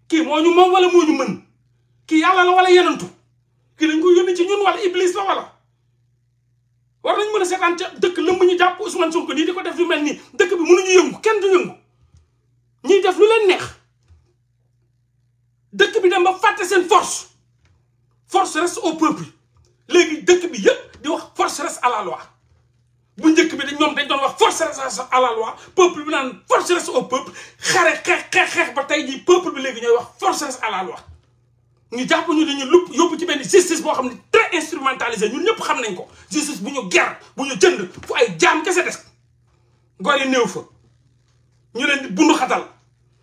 kii moo ñu moom wala moo ñu mën ki yalla la wala yonentu ki lañ ko yoni ci ñun wala iblis la wala war nañ mëna sétan ci ca dëkk lëmb ñu japp Ousmane Sonko di diko def yu melni dëkk bi ñu yëngu kenn du yëngu ñi def lu leen neex dëkk bi dem ba fàtte seen force force reste au peuple légui dëkk bi yëpp di wax force reste à la loi bu njëkk bi ñom dañ doon wax force reste à la loi peuple bi nan force reste au peuple xare xeex xeex ba tay ji peuple bi légui ñoy wax force reste à la loi ñu jàpp ñu dañu lupp yóbbu ci benn justice boo xam ne très instrumentalisé ñun ñëpp xam nañ ko justice bu ñu ger bu ñu jënd fu ay jaam kese des gor yi néew fa ñu leen di bundu xatal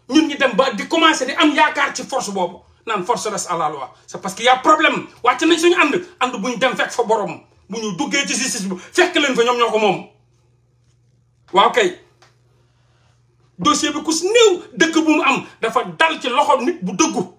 ñun ñu dem ba di commencé di am yaakaar ci force boobu naan force reste à la loi c'est parce que y a problème wàcc nañ suñu ànd ànd bu ñu dem fekk fa borom bu ñu duggee ci justice bi fekk leen fa ñoom ñoo ko moom waaw kay dossier bi ku si néew dëkk bu mu am dafa dal ci loxo nit bu dëggu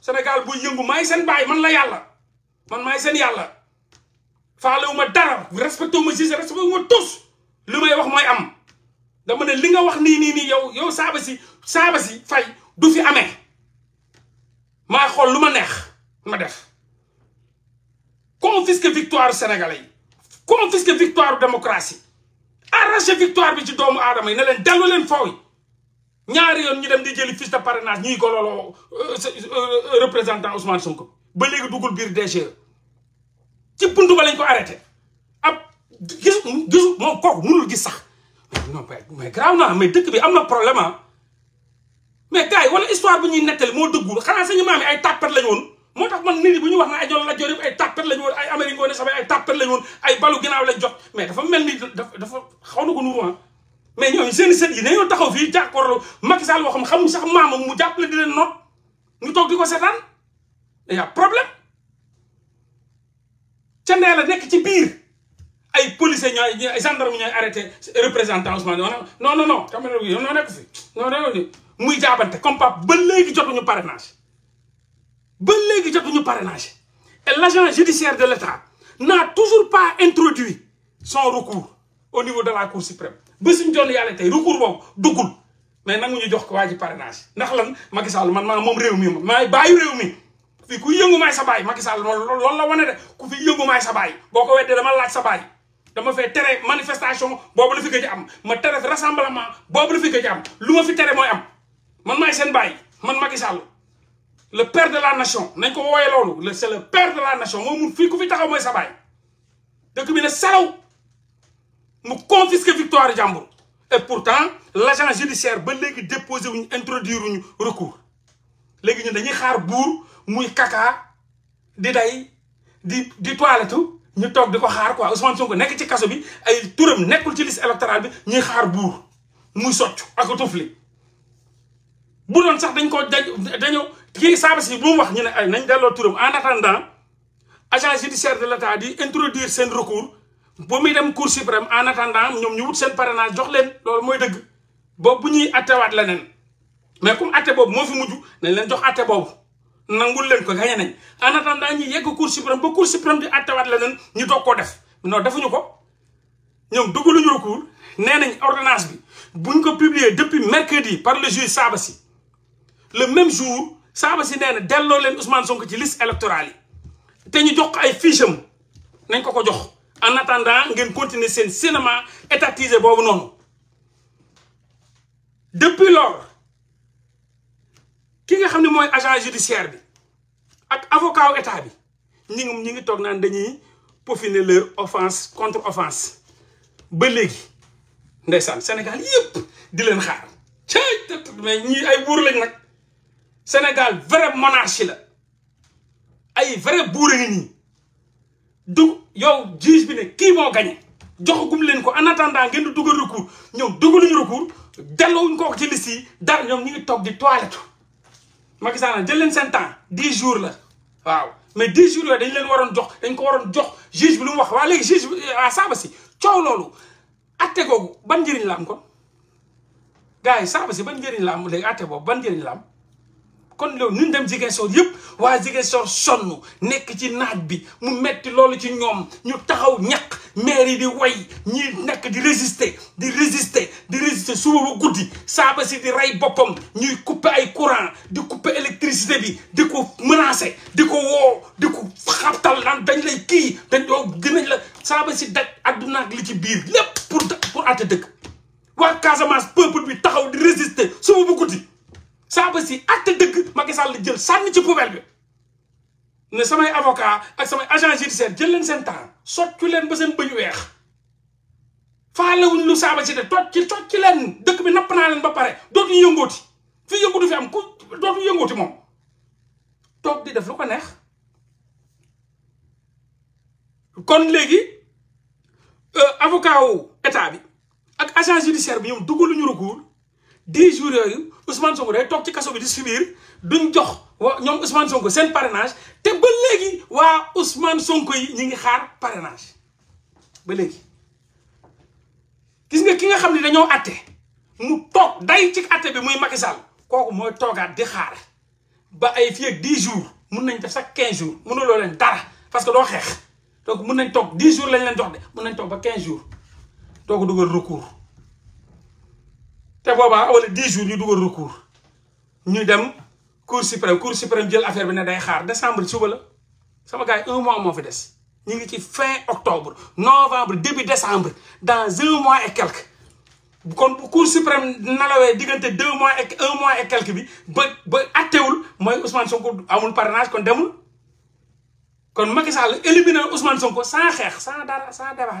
sénégal bu yeungu may sen bay man la yalla man may sen yalla faalewuma dara respecté wu ma juge respecté ma tous limay wax moy am dama ne li nga wax nii nii nii yow yow sabasi sabasi fay du fi amé ma xol luma neex ma def confisque victoire sénégalais confisque victoire démocratie arraché victoire bi ci doomu adamay ne len dellu len fawi ñaari yoon ñu dem di jëli fiche de parrainage ñuy gololoo euh, euh, euh, représentant Ousmane Sonko ba léegi duggul biir DGE ci buntu ba lañ ko arrêté ab gis gisu moom kooku mënul gis sax non mais graaw naa mais dëkk bi am na problème ah mais gars yi histoire bu ñuy nettali moo dëggul xanaa sañu maam yi ay tàppat la woon moo tax man nit yi bu ñu wax na ay jol la jor ay tàppat lañ woon ay américain ne samay ay tàppat lañ woon ay balu ginnaaw lañ jot mais dafa mel ni dafa xaw na ko ah. mais ñoo seen dit yi nous taxaw fi que Macky Sall waxam sax mu di leen ñu tok diko Il y a problème ci neela nek ci biir ay policiers gendarme arrêté représentant Ousmane non non non caméra non non non muy comme ba parrainage ba parrainage et l'agent judiciaire de l'État n'a toujours pas introduit son recours au niveau de la cour suprême ba suñ jonn yàlla tey recours boobu duggul mais nanguñu jox ko waa ji parrainage ndax lan Macky Sall man maa moom réew mi maay bàyyi réew mi fii ku yëngu maay sa baay Macky Sall loolu la wane de ku fi yëngu sa baay boo ko weddee dama laaj sa baay dama fee tere manifestation boobu la fi gëj am ma tere rassemblement boobu la fi gëj am lu ma fi tere mooy am man maay seen baay man Macky Sall le père de la nation nañ ko wooyee loolu c'est le père de la nation moom fii ku fi taxaw mooy sa baay dëkk bi ne salaw Nous confisquer victoire jàmbur et pourtant l'agent judiciaire ba léegi déposé wuñu introduire wuñu recours les ñun dañuy xaar Mouy muy kaka di day di di toiletu ñu toog di ko xaar quoi Ousmane Sonko nekk ci kaso bi ay turam nekkul ci liste électorale bi ñuy xaar buur muy soccu ak tufli bu doon sax dañ ko dañu qui savent si bu mu wax ñu nañ en attendant agent judiciaire de l'État état di introduire seen recours ba muy dem cour suprême en attendant ñoom ñu wut seen parrainage jox leen loolu mooy dëgg boobu bu ñuy attewaat leneen mais comme atte boobu moo fi mujj nañ leen jox ate boobu nangul leen ko gañe nañ en attendant ñi yegg cour suprême ba cour suprême di attewaat leneen ñu doog koo def non defuñu ko ñoom dugaluñu recours nee nañ ordonnance bi buñ ko publier depuis mercredi par le saaba si le même jour Sabassi nee na delloo leen soo Sonko ci list électorale yi te ñu jox ko ay fiche nañ ko ko jox. en attendant vous continuer seen cinéma étatisé depuis lors qui est xam agent judiciaire bi ak avocat l'État état bi ñi ngi ñi ngi leur offense contre offense ba léegi Sénégal yëpp di leen xaar cay mais ñii ay buur lañ Sénégal vrai monarchie la ay vrai buur donc. du yow juge bi ne kii moo jox joxagum leen ko en attendant ngeen di dugal recours ñoom dugaluñu recours delloowuñ ko ci liste yi dara ñoom ñu ngi toog di toilette. Macky Sall jël leen seen temps dix jours la waaw mais dix jours yooyu dañ leen waroon jox dañ ko waroon jox juge bi lu mu wax waa léegi juge bi ah euh, saaba si coow loolu. atte googu ban njëriñ la am kon gars saaba si ban njëriñ la am léegi atte boobu ban njëriñ la am. kon loolu ñun dem Ziguinchor yëpp waa Ziguinchor sonn nekk ci naaj bi mu metti loolu ci ñoom ñu taxaw ñaq maire yi di way ñi nekk di résister di régisté di résister suba ba guddi saaba si di rey boppam ñuy kuppe ay courant di couper électricité bi di ko menacer di ko woo di ko xabtal naan dañ lay kii dañ doo gënañ la saaba si daj àdduna ak li ci biir lépp pour pour àtte dëkk waa Casamance peuple bi taxaw di résister suba ba guddi saaba si acte dëkk Macky Sall jël sànni ci poubelle bi ne samay avocat ak samay agent judiciaire jël leen seen temps soccu leen ba seen bëñu weex faalewuñ lu saaba si de toj ci toj ci leen dëkk bi napp naa leen ba pare dootuñu yëngooti fii yëngu du fi am ku dootuñu yëngooti moom toog di def lu ko neex kon léegi euh, avocat wu état bi ak agent judiciaire bi ñoom ñu recours dix jours yooyu Ousmane Sonko day toog ci kaso bi di subir duñ jox wa ñoom Ousmane Sonko seen parrainage te ba léegi waa Ousmane Sonko yi ñu ngi xaar parenage ba léegi. gis nga ki nga xam ne dañoo atte mu toog day ci atte bi muy Macky Sall kooku mooy toogaat di xaar ba ay fii ak dix jours mun nañ def sax quinze jours mënuloo leen dara parce que doo xeex donc mun nañ toog dix jours lañ leen jox de mun nañ toog ba quinze jours doo ko dugal recours. te boobaa wala 10 jours ñu dugal recours ñu dem cour suprême cour suprême jël affaire bi ne day xaar décembre suba la sama gars un mois moo fi des ñu ngi ci fin octobre novembre début décembre dans un mois et quelque kon bu cour suprême nalawee diggante deux mois et un mois et quelque bi ba ba attewul mooy Ousmane Sonko amul parrainage kon demul kon Macky Sall éliminé Ousmane Sonko sans xeex sans dara sans dara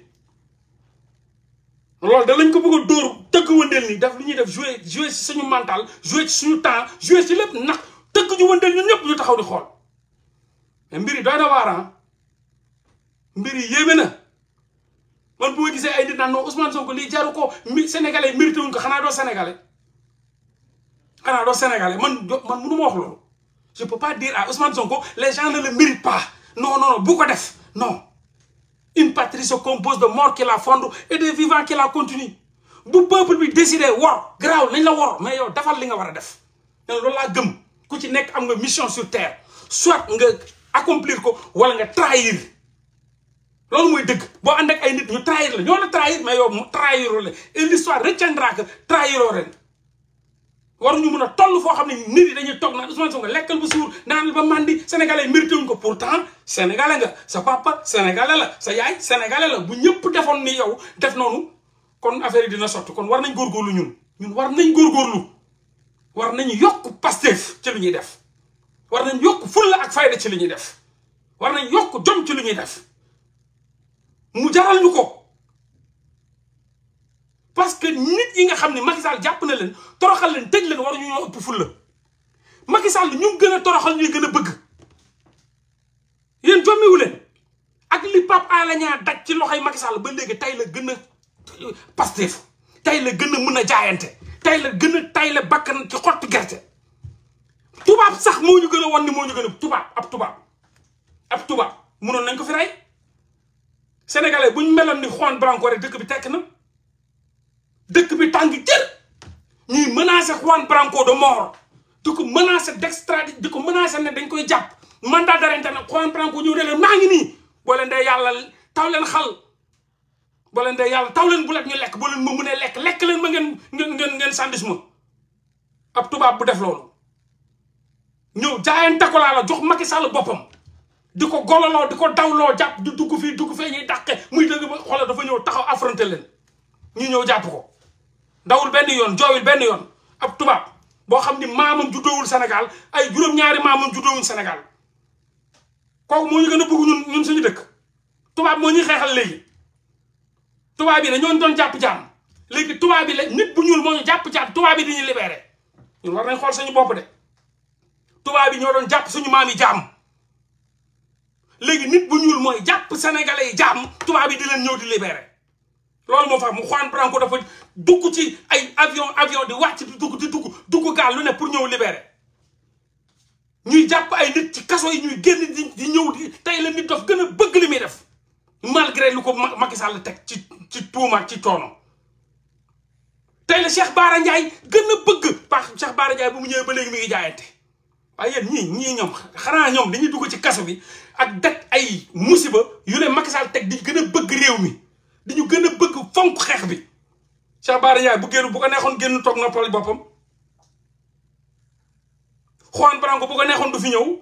lool da lañ ko bëgg a dóor tëgg wëndeel nii daf li ñuy def jouer jouer ci suñu mental jouer ci suñu temps jouer ci lépp nax tëgg ñu wëndeel ñun ñëpp ñu taxaw di xool mais mbir yi doy na waar ah. mbir yi yéeme na man bu ma gisee ay nit naan non Ousmane Sonko lii jaru ko mi sénégalais mérité wuñ ko xanaa doo sénégalais xanaa doo sénégalais man man mënu ma wax loolu je peux pas dire les gens le méritent pas non non non bu ko def non. une patrie se compose de morts qui la fondent et de vivants qui la continuent Le peuple bi décidé wor grave nañ la wor mais yo, dafal li nga war a def te loolu laa gëm ku ci mission sur terre soit nga accomplir ko wala nga trahir ce mooy dëgg boo ànd ak ay nit ñu trahir la ñoo la trahir mais yo, mu le et l'histoire retiendra que trahir waruñu mën a toll foo xam ne nit yi dañuy toog naan Ousmane Sonko lekkal ba suur naan ba màndi sénégalais mérité wuñ ko pourtant sénégalais nga sa papa sénégalais la sa yaay sénégalais bu ñëpp defoon ni yow def noonu kon affaire yi dina sotti kon war nañ góorgóorlu ñun ñun war nañ góorgóorlu war nañu yokk Pastef ci li ñuy def war nañ yokk fulla ak fayda ci li ñuy def war nañ yokk jom ci li ñuy def mu jaral ñu ko parce que nit yi nga xam ne Macky jàpp na leen toroxal leen tëj leen ñu ñoo ëpp fulla Macky Sall ñu gën a toroxal ñuy gën a bëgg yéen jommiwu leen ak li Pape Alé daj ci loxoy Macky Sall ba léegi tey la gën a Pastef tey la gën a mën a jaayante tey la gën a tey la bakkan ci xottu gerte tubaab sax moo ñu gën a wan ni moo ñu gën a tubaab ab tubaab ab tubaab mënoon nañ ko fi rey sénégalais buñ meloon ni Juan Branco dëkk bi tekk na dëkk bi tàng jër ñuy menacer Juan Branco de mort di ko menacer d'extradition di ko menacer ne dañ koy jàpp mandat d'arrêt internet Juan Branco ñëw ne leen maa ngi nii boo leen day yàlla taw leen xal boo leen day yàlla taw leen bu ñu lekk boo leen ma mënee lekk lekk leen ma ngeen ngeen ngeen sandis ma ab tubaab bu def loolu ñëw jaayante ko laa la jox Macky Sall boppam di ko gololoo di ko dawloo jàpp di dugg fii dugg fee ñuy dàqe muy dëgg ba xoolal dafa ñëw taxaw affronté leen ñu ñëw jàpp ko dawul benn yoon joowul benn yoon ab tubaab boo xam ni maamam juddoowul senegal ay juróom-ñaari maamam juddoowuñ Sénégal kooku moo ñu gën a bëgg ñun ñun suñu dëkk tubaab moo ñu xeexal léegi tubaab yi dañoo doon jàpp jaam léegi tubaab yi la nit ñuul moo ñu jàpp jaam tubaab yi dañuy libéré ñun war nañ xool suñu bopp de tubaab yi ñoo doon jàpp suñu maam yi jaam léegi nit bu ñuul mooy jàpp sénégalais yi jaam tubaab yi di leen ñëw di libéré. loolu mo tax mu xwan Branco dafa duggu ci ay avion avion di wàcc di duggu di dugg dugg gaal lu ne pour ñëw libéré ñuy japp ay nit ci kasso yi ñuy génn di ñëw di tey la nit dof gëna bëgg li def malgré lu ko Macky Sall tek ci ci touma ci coono tay la Cheikh Bara Ndiaye gëna bëgg parce que Cheikh Bara Ndiaye bu mu ñëwee ba légui mi ngi jaayante waaye yéen ñi ñii ñoom xanaa ñoom dañuy duggu ci kasso bi ak daj ay musiba yu ne Macky Sall tek di gëna bëgg réew mi dañu gën a bëgg fonk xeex bi Cheikh Bara Ndiaye bu génn bu ko neexoon génn toog noppal boppam Juan Branco bu ko neexoon du fi ñëw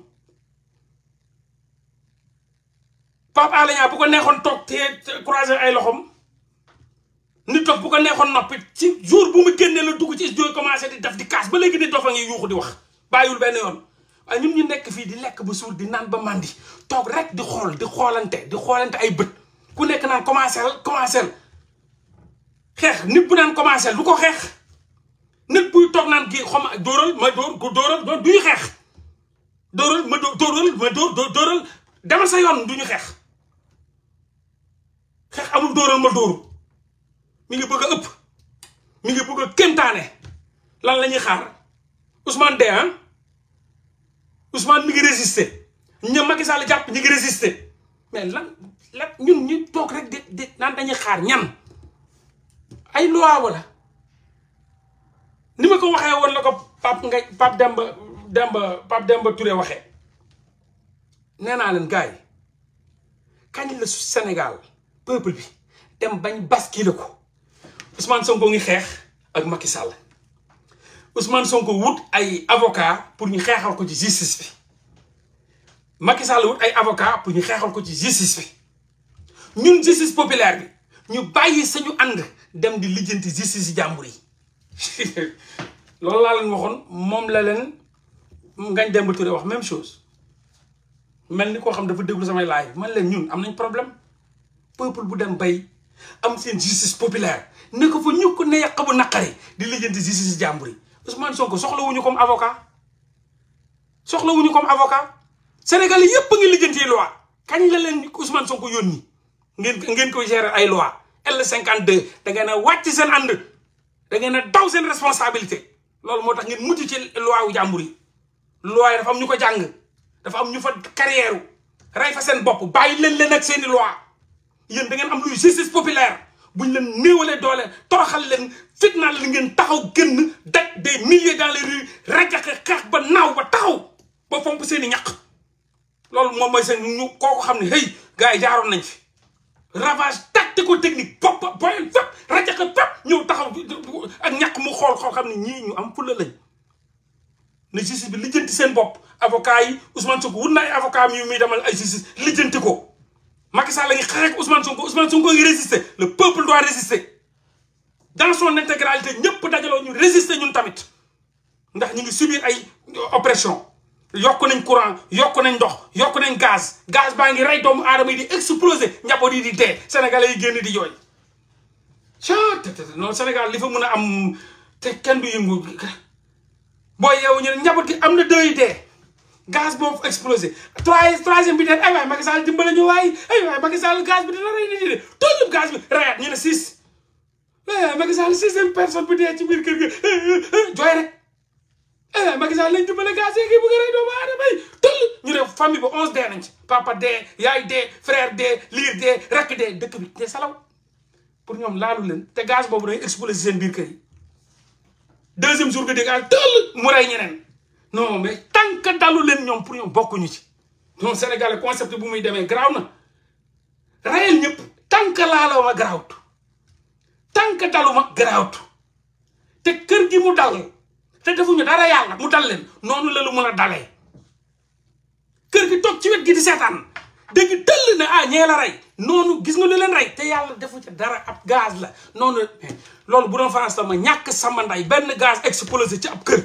Pape Alé Niang bu ko neexoon toog te croiser ay loxom nit toog bu ko neexoon noppi ci jour bu mu génnee la dugg ci studio commencé di def di kaas ba léegi nit dofa ngi yuuxu di wax bàyyiwul benn yoon waaye ñun ñu nekk fii di lekk ba suur di naan ba màndi toog rek di xool di xoolante di xoolante ay bët ku nek nan commencer commencer xex nit bu nan commencer lu ko xex nit bu tok nan gi xoma dóoral ma dóor ku do duy xex dóoral ma dóoral ma dóor dóoral dama sa yoon duñu xex xex amul dóoral ma dóoru mi ngi bëgg ëpp mi ngi bëgg a lan lañu xaar Ousmane de hein ah? Ousmane mi ngi résister ñoom Macky japp ñi ngi résister mais lan lan ñun ñu toog rek di di naan dañuy xaar ñan ay loi wala ni ma ko waxee woon la ko Pape nga Pape Demba Demba Pape Demba Touré waxee nee naa leen gars yi kañ la Sénégal peuple bi dem bañ basculer ko Ousmane Sonko ngi xeex ak Macky Sall Ousmane Sonko wut ay avocat pour ñu xeexal ko ci justice bi. Macky Sall wut ay avocat pour ñu xeexal ko ci justice bi ñun justice populaire bi ñu bàyyi sañu ànd dem di lijjanti justice jàmbur yi [laughs] loolu laa leen waxoon moom la leen dem ba Touré wax même chose mel ni koo xam dafa déglu samay laay man leen ñun am nañ problème peuple bu dem bay am seen justice populaire ne ko fa ñu ko ne yàq bu naqari di lijjanti justice jàmbur yi man Sonko soxlawuñu comme avocat soxlawuñu comme avocat. Sénégal yëpp a ngi lijjanti loi kañ la leen Ousmane Sonko yónni ngeen ngeen koy gérer ay loi L52 da ngeen a wàcc seen ànd da ngeen a daw seen responsabilité loolu moo tax ngeen mujj ci loi wu jàmbur yi. loi dafa am ñu ko jàng dafa am ñu fa carrière rey fa seen bopp bàyyi leen leen ak seen i loi yéen da ngeen am luy justice bu ñu leen néewalee doole toroxal leen fitnaal li ngeen taxaw génn de des milliers dans les rues rajaxe xeex ba naaw ba taxaw ba seen i ñaq. loolu moom mooy seen ñu kooku xam ne hey gars yi jaaroon nañ fi ravage tactico technique bopp boyal fépp rajaxe fépp ñëw taxaw ak ñàkk mu xool xool xam ne ñii ñu am fulla lañ ne justice bi lijjanti seen bopp avocat yi Ousmane Sonko wut na ay avocat mi muy demal ay justice lijjanti ko Macky Sall la ngi xeex ak Ousmane Sonko Ousmane Sonko ngi résister le peuple doit résister dans son intégralité ñëpp dajaloo ñu résister ñun tamit ndax ñu ngi subir ay oppression yokk nañ courant yokk nañ ndox yokk nañ gaz gaz baa ngi rey doomu aadama yi di exploser njaboot yi di dee sénégalais yi génn di jooy noonu Sénégal li fa mën a am te kenn du yëngu boo yeewu ñu ne njaboot gi am na deux yi dee gaz boobu explosé trois troisième bi dee ay eh waay Macky Sall dimbale ñu waay ay eh waay Macky Sall gaz bi dina rey nit ñi de tollu gaz bi reyaat ñu ne six waay eh, Macky Sall sixième personne bi dee ci biir kër ga jooy rek eh Macky Sall lañ dimbale gaz yi kii bu gën a doomu aadama tëll ñu ne famille ba onze dee nañ ci papa dee yaay dee frère dee liir dee rakk dee dëkk bi te salaw pour ñoom laalu leen te gaz boobu dañuy exploser seen biir kër yi deuxième mu rey ñeneen non mais ñoom pour ñoom bokkuñu ci ñoom Sénégal concept bu muy demee garaaw na reyal ñëpp tant que laaloo ma garaawut tant que dalu ma garaawut te kër gi mu dal te defuñu dara yàlla mu dal leen noonu la lu mën a dalee kër gi toog ci wet gi di seetaan dégg tëll ne ah ñee la rey noonu gis nga lu leen rey te yàlla defu ci dara ab gaz la noonu eh, loolu bu doon France ma ñàkk sama nday benn gaz explosé ci ab kër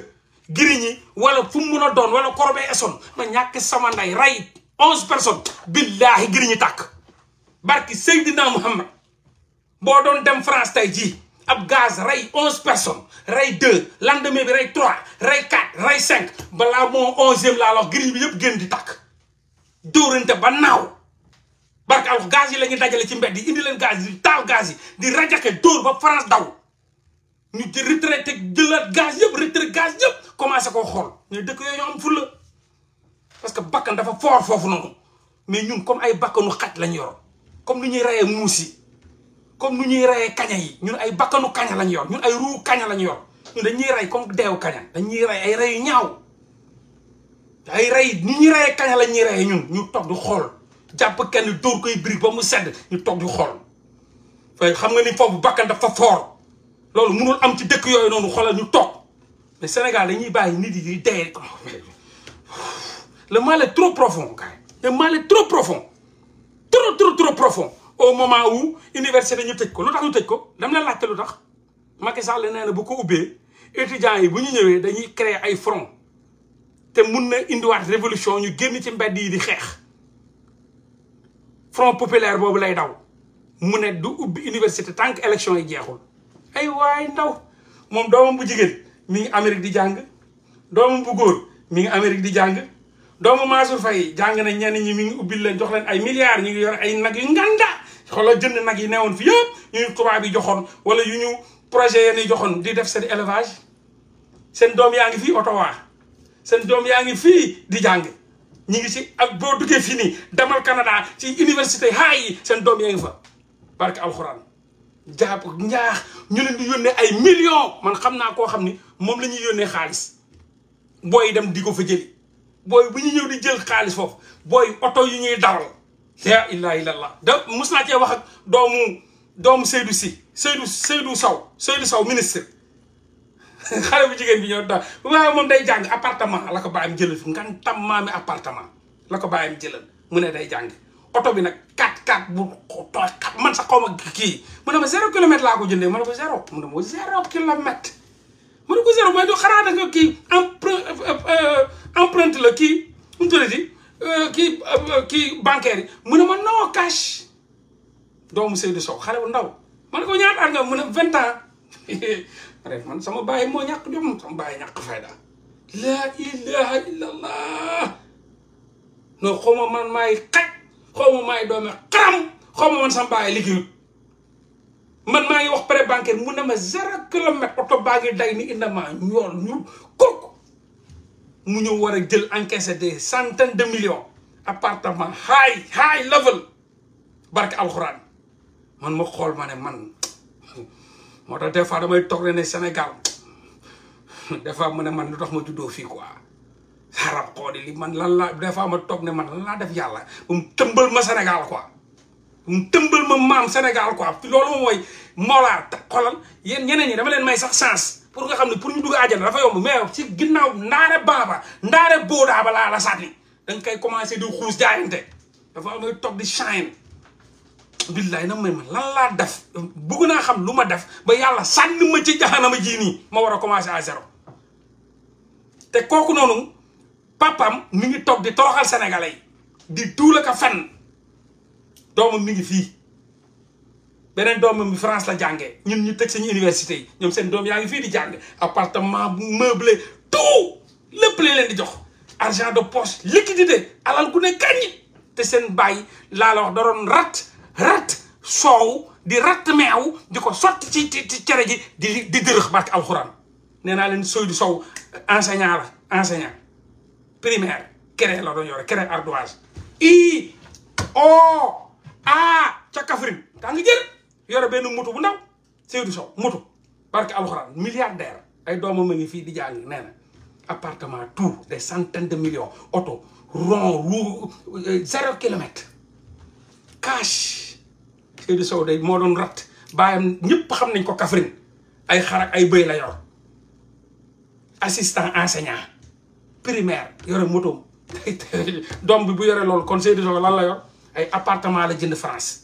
giriñi wala fu mu mun a doon wala korobe eson ma ñàkk sama nday rey onze personnes billaahi giriñi tàkk barki Seydina Muhammad boo doon dem France tey jii ab gaz rey onze personnes rey deux lendemain bi rey trois rey quatre rey cinq balaa moo onzième laa wax gris bi yëpp génn di takk dóorante ba naaw barke alko gaz yi la ñuy dajale ci mbedd yi indi leen gaz yi di taal gaz yi di rajake dóor ba France daw ñu ci retraité jëlaat gaz yëpp retraité gaz yëpp commencé koo xool mais dëkk yooyu ñoo am fulla parce que bakkan dafa foor foofu noonu mais ñun comme ay bakkanu xaj lañ yoroon comme ni ñuy reyee muus yi comme nu ñuy reyee kaña yi ñun ay bakkanu kaña lañ yor ñun ay ruu kaña lañu yor ñun dañuy rey comme deew kaña dañuy rey ay rey yu ñaaw ay rey ni ñuy reyee kaña lañ ñuy reyee ñun ñu toog di xool jàpp kenn dóor koy brique ba mu sedd ñu toog di xool fay xam nga ni foofu bakkan dafa foor loolu mënul am ci dëkk yooyu noonu xoolal ñu toog mais Sénégal dañuy bàyyi nit yi di dee la mal est trop profond gars le mal est trop profond trop trop trop profond au moment où université ñu tëj ko lu tax ñu tëj ko dam leen laajte lu tax Macky Sall nee na bu ko ubbee étudiants yi bu ñu ñëwee dañuy créer ay front te mun na indiwaat révolution ñu génn ci mbedd yi di xeex front populaire boobu lay daw mu ne du ubbi université tant que élection yi jeexul ay waay ndaw moom doomam bu jigéen mi ngi Amérique di jàng doomam bu góor mi ngi Amérique di jàng doomu Mansour Faye jàng na ñenn ñi mu ngi ubbil leen jox leen ay milliards ñu ngi yor ay nag yu nganda xoolal jënd nag yi newoon fii yëpp yu ñu tubaab yi joxoon wala yu ñu projet yi joxoon di def seen élevage seen doom yaa ngi fii Ottawa seen doom yaa ngi fii di jàng ñi ngi si ak boo duggee fii nii demal Canada ci université haay yi seen doom yaa ngi fa barke alxuraan jàpp ñaax ñu leen di yónnee ay millions man xam naa koo xam ni moom la ñuy yónnee xaalis booy dem di ko fa jëli booy bu ñu ñëw di jël xaalis foofu booy oto yu ñuy dawal la ilaha illallah da mus naa cee wax ak doomu doomu Seydou si Seydou Seydou Sow Seydou Sow ministre xale bu jigéen bi ñëw daal waaye moom day jàng appartement la ko bàyyam jëlal fi ngan tam maami la ko bàyyam jëlal mu ne day jàng oto bi nag 4-4 bu tooy man sax xaw ma kii mu ne ma zéro kilomètre laa ko jëndee ma ne ko zéro mu ne ma zéro kilomètre mu ne ko zéro mooy du xanaa da nga kii emprunt euh, euh, euh, emprunte la kii mu tuddati Euh, kii euh, kii bancaire yi mu ne ma non cash doomu Seydou Sow xale bu ndaw man ne ko ñaata at nga mu ne vingt ans [laughs] man sama bàyyi moo ñàkk jom sama bàyyi ñàkk fayda laa ilaha illallah non xaw ma man maay xaj xaw ma maay doome xaram xaw ma man sama bàyyi liggéeyut man maa ngi wax prêt bancaire mu na ma zéro kilomètre oto baa ngi day ni indi maa ñool ñu kooku mu ñëw war a jël encaissé de centaines de millions appartement high high level barke alxuraan man ma xool ma ne man moo tax des fois damay toog ne Sénégal des fois mu ne man nu tax ma juddoo fii quoi xarab xooli li man lan laa des fois ma toog ne man lan laa def yàlla ba mu tëmbal ma Sénégal quoi mu tëmbal ma maam Sénégal quoi loolu moom mooy ta xoolal yéen ñeneen ñi dama leen may sax chance pour nga xamni pour ñu dugg aljana dafa yomb mais ci ginnaw ndare baba ndare boda ba la la da dang kay commencer di xuus jaayante dafa am top di shine billahi na may man lan la def bugu na xam luma def ba yalla sànni ma ci jaxanama ji ni ma war a à zéro te koku nonu papam mi ngi top di tooxal sénégalais yi di tuula ka fenn doomu mi ngi fi beneen doomam bi France la jàngee ñun ñu tëj seen université yi ñoom seen doom yaa ngi fii di jàng appartement meublé tout lépp lañ leen di jox argent de poche liquidité alal gu ne gàññ te seen bàyyi laa la wax da doon rat rat soow di rat meew di ko sotti ci ci cere ji di di dërëx barke alxuraan nee naa leen Seydou Sow enseignant la enseignant primaire kere la doon yore kere ardoise i o a ca Kaffrine daa nga yore benn moto bu ndaw Seydou Sow moto barke alxuraan milliardaire ay doomam a ngi fii di jàng nee na appartement tout des centaines de millions oto rond lu euh, zéro kilomètre cash Seydou Sow day moo doon rat bàyyam ñëpp xam nañ ko Kaffrine ay xarak ay bëy la yor assistant enseignant primaire yore moto [laughs] doom bi bu yore loolu kon Seydou Sow lan la yor ay appartement la jënd France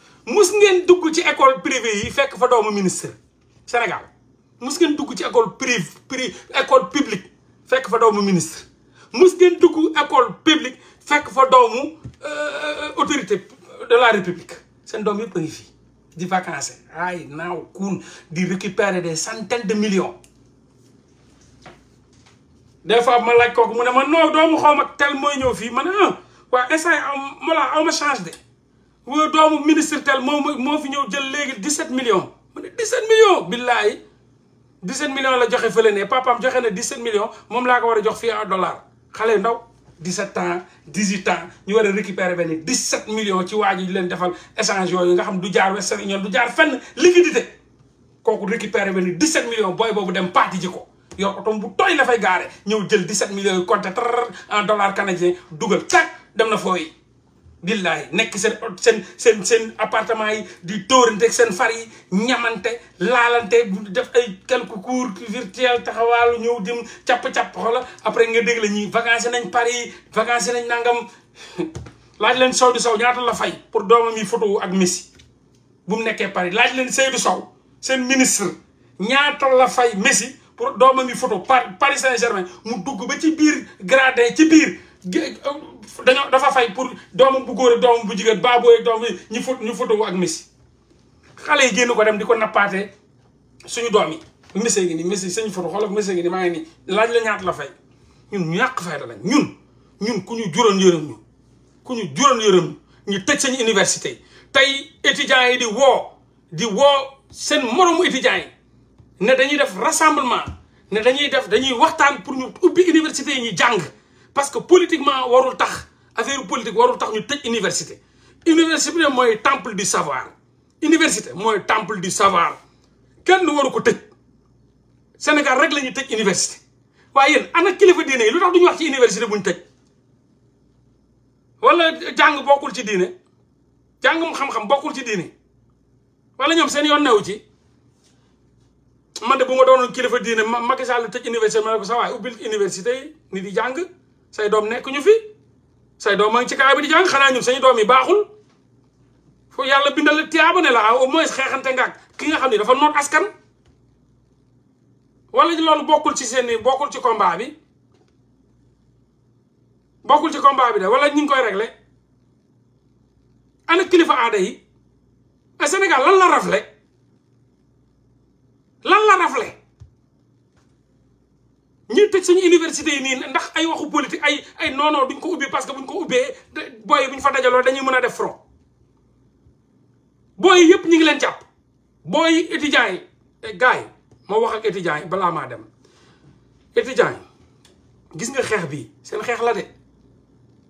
mus ngeen dugg ci école privée yi fekk fa doomu ministre Sénégal mus ngeen dugg ci école prive pri école publique fekk fa doomu ministre mus ngeen dugg école publique fekk fa doomu euh, euh, autorité de la république seen doom yëpp a ngi fii di vacances ay naaw kuun di récupérer des centaines de millions des fois ma laaj kooku mu ne ma non doomu xaw ma tel mooy ñëw fii ma ne ah waa instant am ma la aw ma change de Le ministre tel fi 17 millions 17 millions billahi. 17 millions la joxe Vous papa 17 millions mom vous ko wara jox fi dollar xalé ndaw 17 ans 18 ans ñu wara récupérer 17 millions ci waji leen defal échange nga xam du jaar du jaar fenn liquidité récupérer 17 millions boy Vous dem parti ji ko yor bu toy la fay jël 17 millions yu compté dollar canadien tac dem na billaay nekk seen seen seen seen appartement yi di tóorante seen far yi ñamante laalante def ay quelque cours virtuel taxawaalu ñëw dem càpp-càpp xoola après nga dégg la ñuy nañ Paris vacances nañ nangam laaj leen di Sow ñaata la fay pour doomam yi photo ak Messi bu mu nekkee Paris laaj leen Seydou Sow seen ministre ñaata la fay Messi pour doomam yi photo Paris Saint-Germain mu dugg ba ci biir gradin ci biir dañoo dafa fay pour doomu bu góor doomu bu jigéen baaboo ak doomu ñu fot ñu fotowu ak Messi xale yi génn ko dem di ko nappaate suñu doom yi Messi ngi ni Messi sëñ foto xoolal Messi ngi maa ngi nii laaj la ñaata la fay ñun ñu yàq la lañ ñun ñun ku ñu juróon yërëm ñu ku ñu juróon yërëm ñu tëj sañ université yi tey étudiants yi di woo di woo seen moromu étudiants yi ne dañuy def rassemblement ne dañuy def dañuy waxtaan pour ñu ubbi université yi ñu jàng parce que politiquement warul tax affaire politique warul tax ñu tëj université université mooy temple di savoir université mooy temple di savoir kenn waru ko tëj Sénégal rek la ñuy tëj université waaye yéen ana kilifa diine yi lu tax duñu wax ci université buñ tëj wala jàng bokkul ci diine jàngum xam-xam bokkul ci diine wala ñoom seen yoon newu ci man de bu ma doonoon kilifa diine Macky Sall tëj université ma ne ko sa waay ubbil université yi ni di jàng say doom nekk ñu fi say doom maa ci kaa bi di jàng xanaa ñun sañu doom yi baaxul foo yàlla bindal la tiyaaba ne la ah au moins xeexante nga ak ki nga xam ne dafa noot askan. wala loolu bokkul ci seen bokkul ci combat bi bokkul ci combat bi de wala ñun ngi koy le ana kilifa aada yi Sénégal lan la rafle lan la rafle ñuy tëj suñu université yi nii ndax ay waxu politique ay ay non non duñ ko ubbee parce que buñ ko ubbee booy buñ fa dajaloo dañuy mën a def front booy yëpp ñu ngi leen jàpp booy yi yi eh, gars yi ma wax ak étudiants yi balaa maa dem étudiants gis nga xeex bi seen xeex la de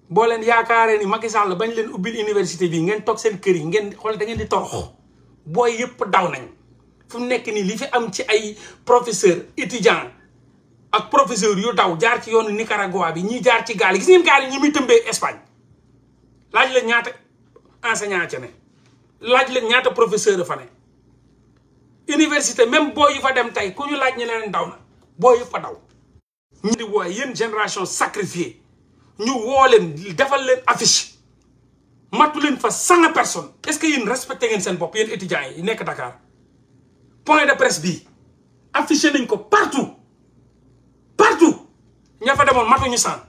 boo leen yaakaaree ni Macky Sall bañ leen ubbil université bi ngeen toog seen kër yi ngeen xool da ngeen di torox booy yëpp daw nañ fu nekk nii li fi am ci ay professeur étudiant ak professeur yu daw jaar ci yoonu Nicaragua bi ñi jaar ci gaal yi gis ngeen gaal yi ñi muy tëmbee Espagne laaj leen ñaata enseignant ca ne laaj leen ñaata professeur fa ne université même boo yu fa dem tey ku ñu laaj ñu leen daw na boo yu fa daw ñu di wooye yéen génération sacrifiée ñu woo leen defal leen affiche matu leen fa cent personnes est-ce que yéen respecté ngeen seen bopp yéen étudiants yi nekk Dakar point de presse bii affiché nañ ko partout partout ña fa demoon matuñu san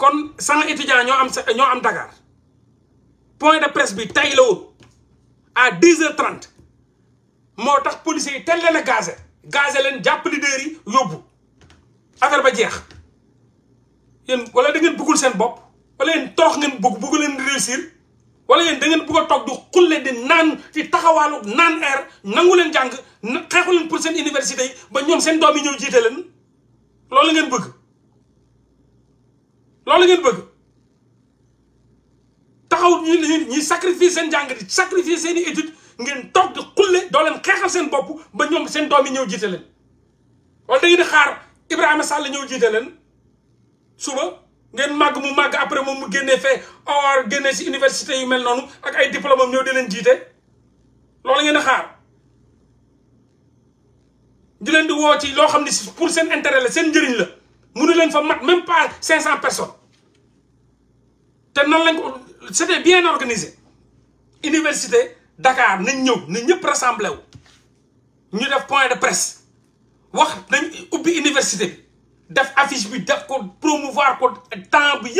kon san étudiant ñoo am ñoo am Dakar point de presse bi tay la woon à 10 moo tax policiers yi teel leen a gazé leen jàpp leader yi yóbbu affaire ba jeex yéen wala da ngeen seen bopp wala yéen toox ngeen bëgg bëgg leen réussir. wala yéen da ngeen bëgg a toog di xulle di naan ci taxawaalu naan air nangu leen jàng xeexu leen pour seen université yi ba ñoom seen doom yi ñëw jiite leen loolu ngeen bëgg loolu ngeen bëgg taxaw ñu ñuy sacrifice seen jàng di sacrifice seen i étude ngeen toog di xulle doo leen seen bopp ba ñoom seen doom yi ñëw jiite leen wala da xaar Ibrahima Sall ñëw jiite leen suba ngeen mag mu mag après mom mu génnee fé or génnee ci université yu mel noonu ak ay diplôme ñoo di leen jité loolu ngeen xaar di leen di wo ci lo xamni pour sen intérêt la sen jëriñ la mënu leen fa mat même pas 500 personnes té nan lañ ko c'était bien organisé université Dakar nañ ñëw nañ ñëpp rassemblé wu ñu def point de presse wax nañ ubbi université bi def affiche bi promouvoir ko temps bi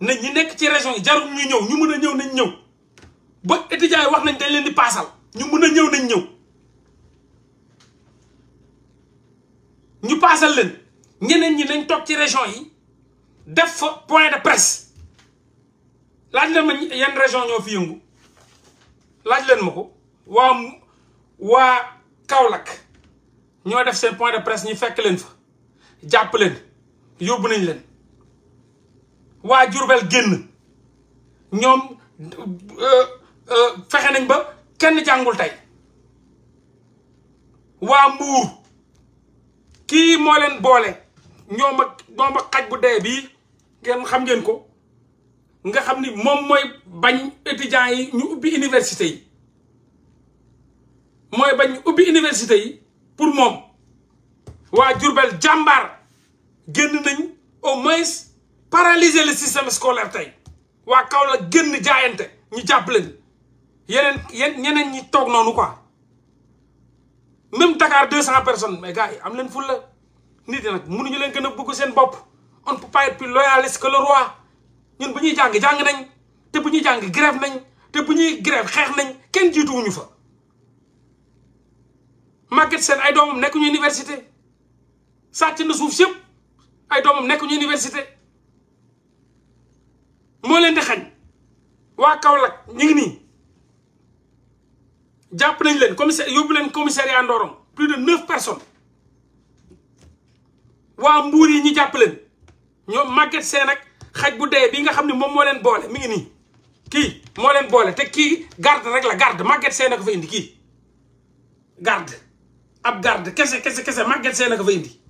na ñi nekk ci région yi ñu ñëw ñu mëna ñëw nañ ba étudiants wax nañ dañ leen di passal ñu mëna ñëw nañ ñu leen ñi région yi fa point de presse laaj leen ma yan région fi yëngu laaj leen ma ko waa def point de presse ñu fekk leen jàpp leen yóbbu nañ leen waa Jurbel génn ñoom euh, euh, fexe nañ ba kenn jàngul tey waa Mbuur kii moo leen boole ñoom ak ñoom ak xaj bu dee bii ngeen xam ngeen ko nga xam ni moom mooy bañ étudiants yi ñu ubbi université yi mooy bañ ubbi université yi pour moom waa Jurbel jàmbaar génn nañ au moins paralyser le système scolaire tey waa Kaolack génn jaayante ñu jàpp yeneen yeneen ñeneen ñi toog noonu ko même Dakar deux cent personnes mais gars yi am leen ful la nit yi nag mënuñu leen kën a bëgg seen bopp on ne peut pas être plus ñun bu ñuy jàng jàng nañ te bu ñuy jàng grève nañ te bu ñuy grève xeex nañ kenn jiituwuñu fa màgget seen ay doomam nekkuñu université sàcc na suuf si yëpp ay doomam nekk ñu université moo leen di xañ waa Kaolack ñu ngi nii jàpp nañ leen commissaire yóbbu leen commissariat Ndorong plus de neuf personnes waa mbuur yi ñu jàpp leen ñoom Maguette Sène ak xaj bu dee bii nga xam ne moom moo leen boole mi ngi nii kii moo leen boole te kii garde rek la garde Maguette Sène a ko fa indi kii garde ab garde kese kese kese Maguette Sène a ko fa indi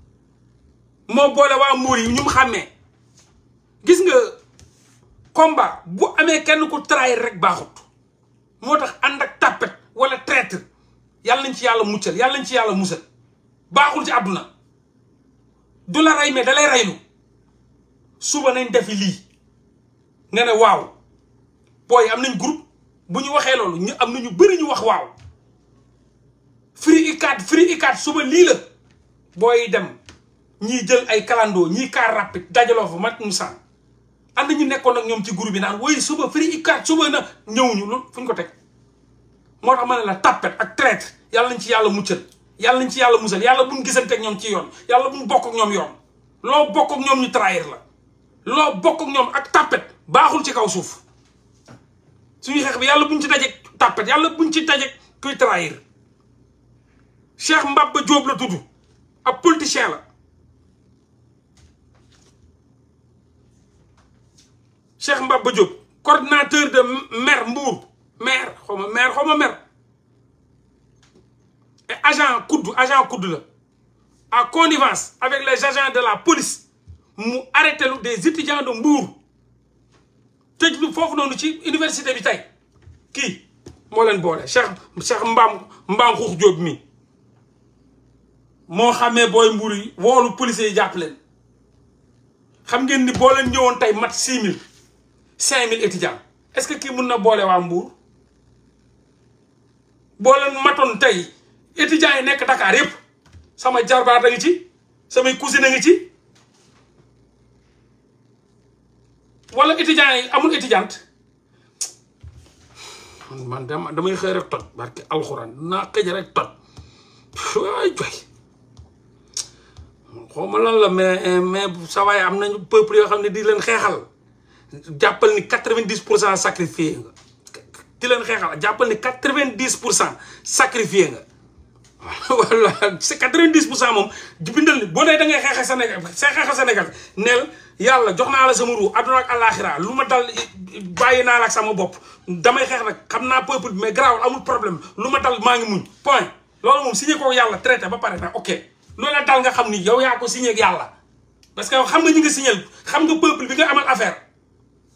moo boole waa muur yi ñu mu xàmmee gis nga combat bu amee kenn ku trahir rek baaxut moo tax ànd ak tàppet wala traître yàlla nañ ci yàlla muccal yàlla nañ ci yàlla musal baaxul ci àdduna du la rey mais da lay reylu suba nañ defi lii nga ne waaw booy am nañ groupe bu ñu waxee loolu ñu am na ñu bëri ñu wax waaw free ikaat free ikaat suba lii la booy dem ñii jël ay kalandoo ñii car rapide dajaloo fa mat Moussa ànd ñu nekkoon ak ñoom ci groupe bi naan woy suba free ikaat suba na ñëwuñu loolu fu ñu ko teg moo tax ma ne la tapet ak traître yàlla nañ ci yàlla muccal yàlla nañ ci yàlla musal yàlla buñ gisante ak ñoom ci yoon yàlla buñ bokk ak ñoom yoon loo bokk ñoom ñu trahir la loo bokk ñoom ak tàppet baaxul ci kaw suuf suñu xeex bi yàlla buñ ci dajeeg tapet yàlla buñ ci dajeeg kuy trahir Cheikh Mbaba Diop la tudd ab politicien la Cheikh Mbaba Diop coordinateur de maire Mbour maire xaw maire xaw maire et agent Koudou, agent Koudou, la en connivence avec les agents de la police mu arrêter lu des étudiants de Mbour Tout le monde noonu ci université bi tey kii moo leen boole Cheikh Cheikh Mbam Mbam Xuux Diop mi moo xamé boy Mbour yi woolu policiers yi japp len. xam ngeen ni boo leen ñëwoon mat 6000. cinq mille étudiants est-ce que kii mun na boole waa Mbour boo leen matoon tey étudiants yi nekk Dakar yëpp sama jarbaat a ngi ci samay cousine a ngi ci wala étudiants yi amul étudiante man dama damay xëy rek toj barki alxuraan naa xëj rek toj waay joy xaw lan la mais mais saa waay am na peuple yoo xam ne di leen xeexal jàppal ni quatre-vingt-dix pour cent sacrifié nga di leen xeexal jàppal ni quatre-vingt-dix pour cent sacrifié nga [laughs] voilà c'est quatre-vingt-dix pour cent moom bindal boo nee da ngay xeexal Sénégal sa xeexal Sénégal neel yàlla jox naa la sama ruu àdduna ak àllaaxira lu ma dal bàyyi naa la sama bopp damay xeex nag xam naa peuple bi mais garaawul amul problème lu ma dal maa ngi muñ point loolu moom signé ko yàlla traité ba pare nag nga xam ni yow yaa ko si ak yàlla parce que xam nga ñu ngi signé xam nga peuple bi nga amal affaire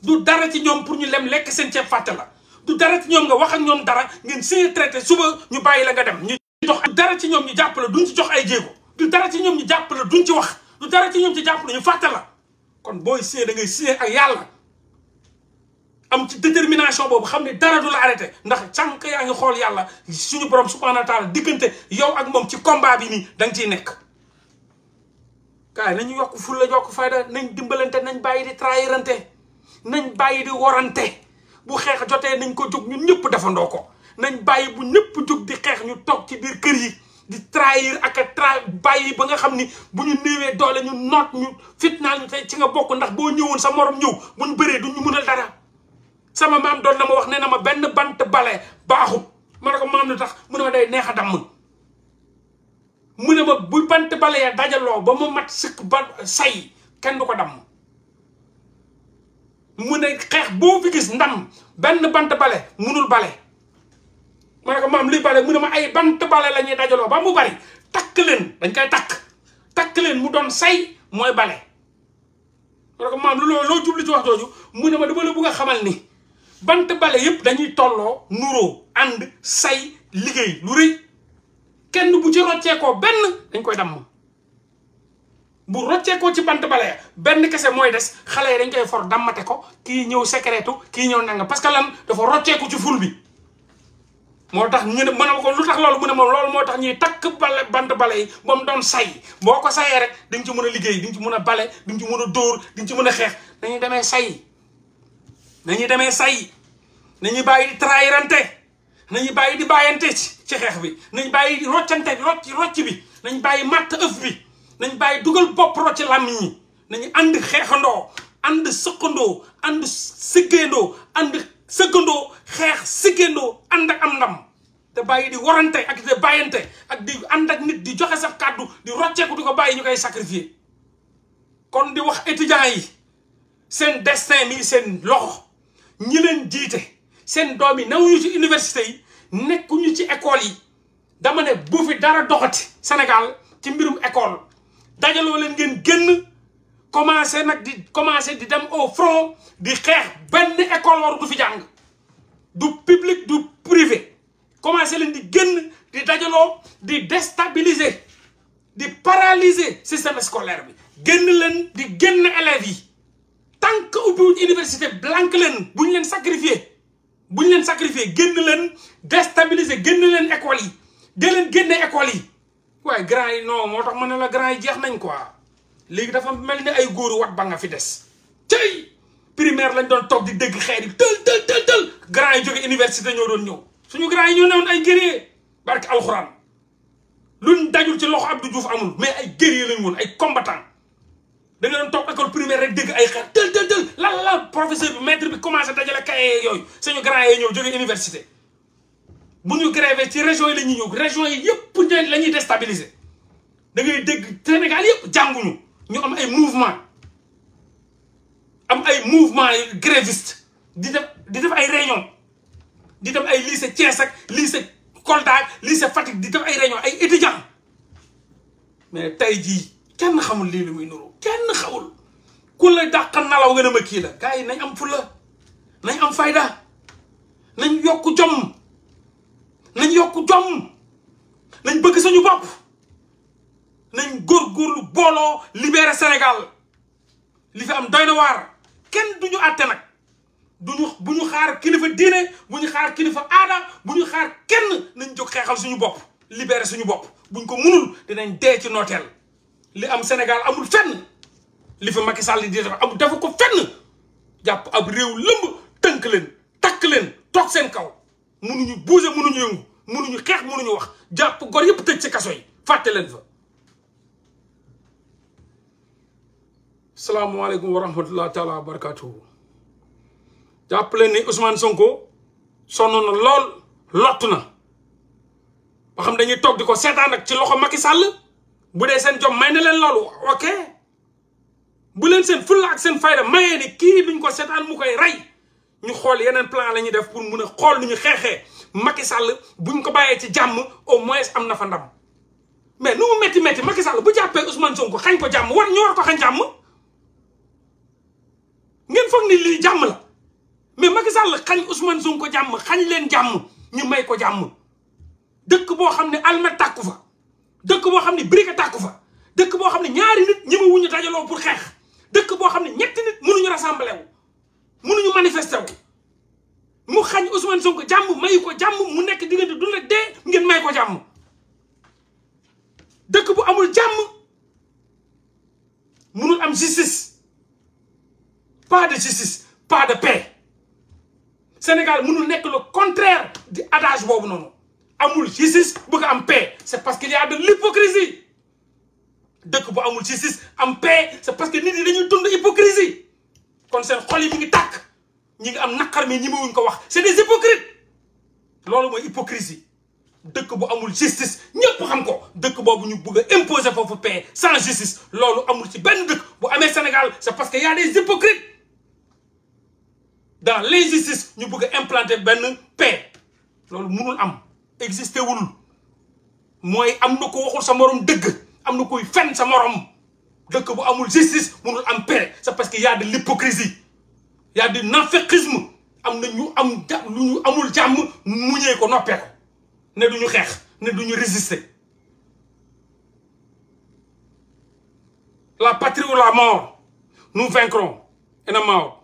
du dara ci ñoom pour ñu lem lekk seen ceeb fàtte la du dara ci ñoom nga wax ak ñoom dara ngeen seen traité suba ñu bàyyi la nga dem ñu jox du dara ci ñoom ñu jàpp la duñ ci jox ay jéego du dara ci ñoom ñu jàpp la duñ ci wax du dara ci ñoom ci jàpp la ñu fàtte la kon booy siyee da ngay siyee ak yàlla am ci détermination boobu xam ne dara la arrêté ndax sànq yaa ngi xool yàlla suñu borom subhanahu wa diggante yow ak moom ci combat bi nii da nga ciy nekk kaay nañu yokk ful la yokk fayda nañ dimbalante nañ bàyyi di trahirante nañ bàyyi di warante bu xeex jotee nañ ko jóg ñun ñëpp defandoo ko nañ bàyyi bu ñëpp jóg di xeex ñu toog ci biir kër yi di trahir ak a tra bàyyi ba nga xam ni bu ñu néewee doole ñu noot ñu fitnaal ñu tey ci nga bokk ndax boo ñëwoon sa morom ñëw bu ñu bëree du ñu mënal dara. sama maam doon na wax nee na ma benn bant bale baaxut ma ne ko maam lu tax mu ne ma day neex a damm mu ne ma bu bant bale ya dajaloo ba mu mat sëkk ba say kenn du ko damm. mu ne xeex boo fi gis ndam benn bant bale munul bale ma ne ko maam li bale mu ne ma ay bant bale la ñuy dajaloo ba mu bari takk leen dañ koy takk takk leen mu doon say mooy bale ma ne ko lu loo jubli ci wax mu ne ma dama la bëgg xamal ni bant bale yëpp dañuy tolloo nuroo ànd say liggéey lu rëy kenn bu ci roccee benn dañ koy damm bu rocceekoo ci bant bale benn kese mooy des xale yi dañ koy for dammate ko kii ñëw secretu kii ñëw nanga parce que lan dafa rocceeku ci ful bi moo tax ñu ne mën a ko lu tax loolu mu ne moom loolu moo tax ñuy takk bale bant bale yi ba mu doon say boo ko sayee rek di nga ci mën a liggéey di nga ci mën a bale di nga ci mën a dóor dañu nga ci mën a xeex dañuy demee say nañuy demee say nañuy bàyyi di trahirante nañuy bàyyi di bàyyante ci ci xeex bi nañ bàyyi roccante bi rocc rocc bi nañ bàyyi matt ëf nañ bàyyi dugal bopp ci làmmiñ nañu ànd xeexandoo ànd sëqandoo ànd sëggeendoo ànd sëggandoo xeex sëggeendoo ànd am ndam te bàyyi di warante ak di bàyyante ak di ànd ak nit di joxe sa kàddu di rocceeku di ko bàyyi ñu koy sacrifier kon di wax étudiants yi seen destin mi seen loxo ñi leen jiite seen doom yi nawuñu ci université yi nekkuñu ci école yi dama ne bu fi dara doxati Sénégal ci mbirum école dajaloo leen ngeen génn commencé nag di commencé di dem au front di xeex benn école waru du fi jàng du public du privé commencé leen di génn di dajaloo di destabiliser di paralyser système scolaire bi génn leen di génn élèves yi tant que ubbiwuñ université blank leen buñ leen sacrifié buñ leen sacrifié génn leen déstabiliser génn leen école yi dee leen génne école yi way grand yi non motax tax ma la grand yi jeex nañ quoi léegi dafa melni ay góoru wat ba nga fi dess tey primaire lañ doon toog di deug xéer yi tël tël tël tël grand yi jóge université ñoo doon ñew suñu grand yi ñoo neewon ay guerrier barke alxuraan luñ dajul ci loxo Abdou Diouf amul mais ay guerrier lañ woon ay combattant da nga doon école primaire rek deug ay xéer tël tël tël la la la professeur bi maître bi commencé dajale kaye yoy suñu grand yi ñëw université bu ñu grévé ci région yi la ñu ñëw région yi yëpp ñooy la ñuy déstabiliser da ngay dégg Sénégal yëpp jànguñu ñu am ay mouvement am ay mouvement gréviste di def di def ay réunion di def ay lycée Thiès ak lycée Kolda ak lycée di def ay réunion ay étudiants mais tey jii kenn xamul lii lu muy nuru kenn xamul ku la dàq nalaw nga ne ma kii la gars yi nañ am fulla nañ am fayda nañ yokk jom nañ yokk jom nañ bëgg suñu bopp nañ góorgóorlu booloo libéré Sénégal li fi am doy na waar kenn duñu àtte nag duñu bu ñu xaar kilifa diine bu ñu xaar kilifa aada bu ñu xaar kenn nañ jog xeexal suñu bopp libéré suñu bopp buñ ko munul dinañ dee ci nooteel li am Sénégal amul fenn li fi Macky Sall di def am dafa ko fenn jàpp ab réew lëmb tënk leen takk leen toog seen kaw munuñu bouger munuñu yëngu mënuñu xeex ñu wax jàpp gor yëpp tëj ci kaso yi fàtte leen fa salaamaaleykum wa rahmatullah taala wa barakatuhu jàpp leen ni Ousmane Sonko sonn na lool lott na ba xam dañuy toog di ko seetaan ak ci loxo makki sàll bu dee seen jom may na leen loolu ok bu leen seen fulla ak seen fayda mayee ni kii duñ ko seetaan mu koy rey ñu xool yeneen plan la ñuy def pour mun a xool nu ñu xeexee Macky Sall buñ ko bàyyee ci jàmm au moins am na fa ndam mais nu mu métti métti Macky Sall bu jàppee Ousmane Sonko xañ ko jàmm war ñu war ko xañ jàmm ngeen foog ni lii jàmm la mais Macky Sall xañ Ousmane ko jàmm xañ leen jàmm ñu may ko jàmm dëkk boo xam ne almet tàkku fa dëkk boo xam ne brique tàkku fa dëkk boo xam ne ñaari nit ñi ma wuñu dajaloo pour xeex dëkk boo xam ne ñetti nit mënuñu rassemblé mënuñu manifester wu mu xañ Ousmane Sonko jàmm mayu ko jàmm mu nekk diggante dund ak dee ngeen may ko jàmm dëkk bu amul jàmm mënul am justice pas de justice pas de paix Sénégal mënul nekk le contraire di adage boobu noonu amul justice bëgg am paix c'est parce qu'il y a de l'hypocrisie dëkk bu amul justice am paix c'est parce que nit yi dañuy dund hypocrisie kon xol yi ngi mais ñi c'est des hypocrites loolu hypocrisie dëkk bu amul justice ñëpp xam ko vous bëgg imposer paix sans justice l'homme amul ci benn deuk bu amé Sénégal c'est parce qu'il y a des hypocrites dans l'injustice ñu bëgg implanter ben paix L'homme mënul am existé wul Moy am ko waxul sa morom deug, justice paix c'est parce qu'il y a de l'hypocrisie Il y a du de Il am de amul a pas ne de résister la patrie ou la mort nous vaincrons et la mort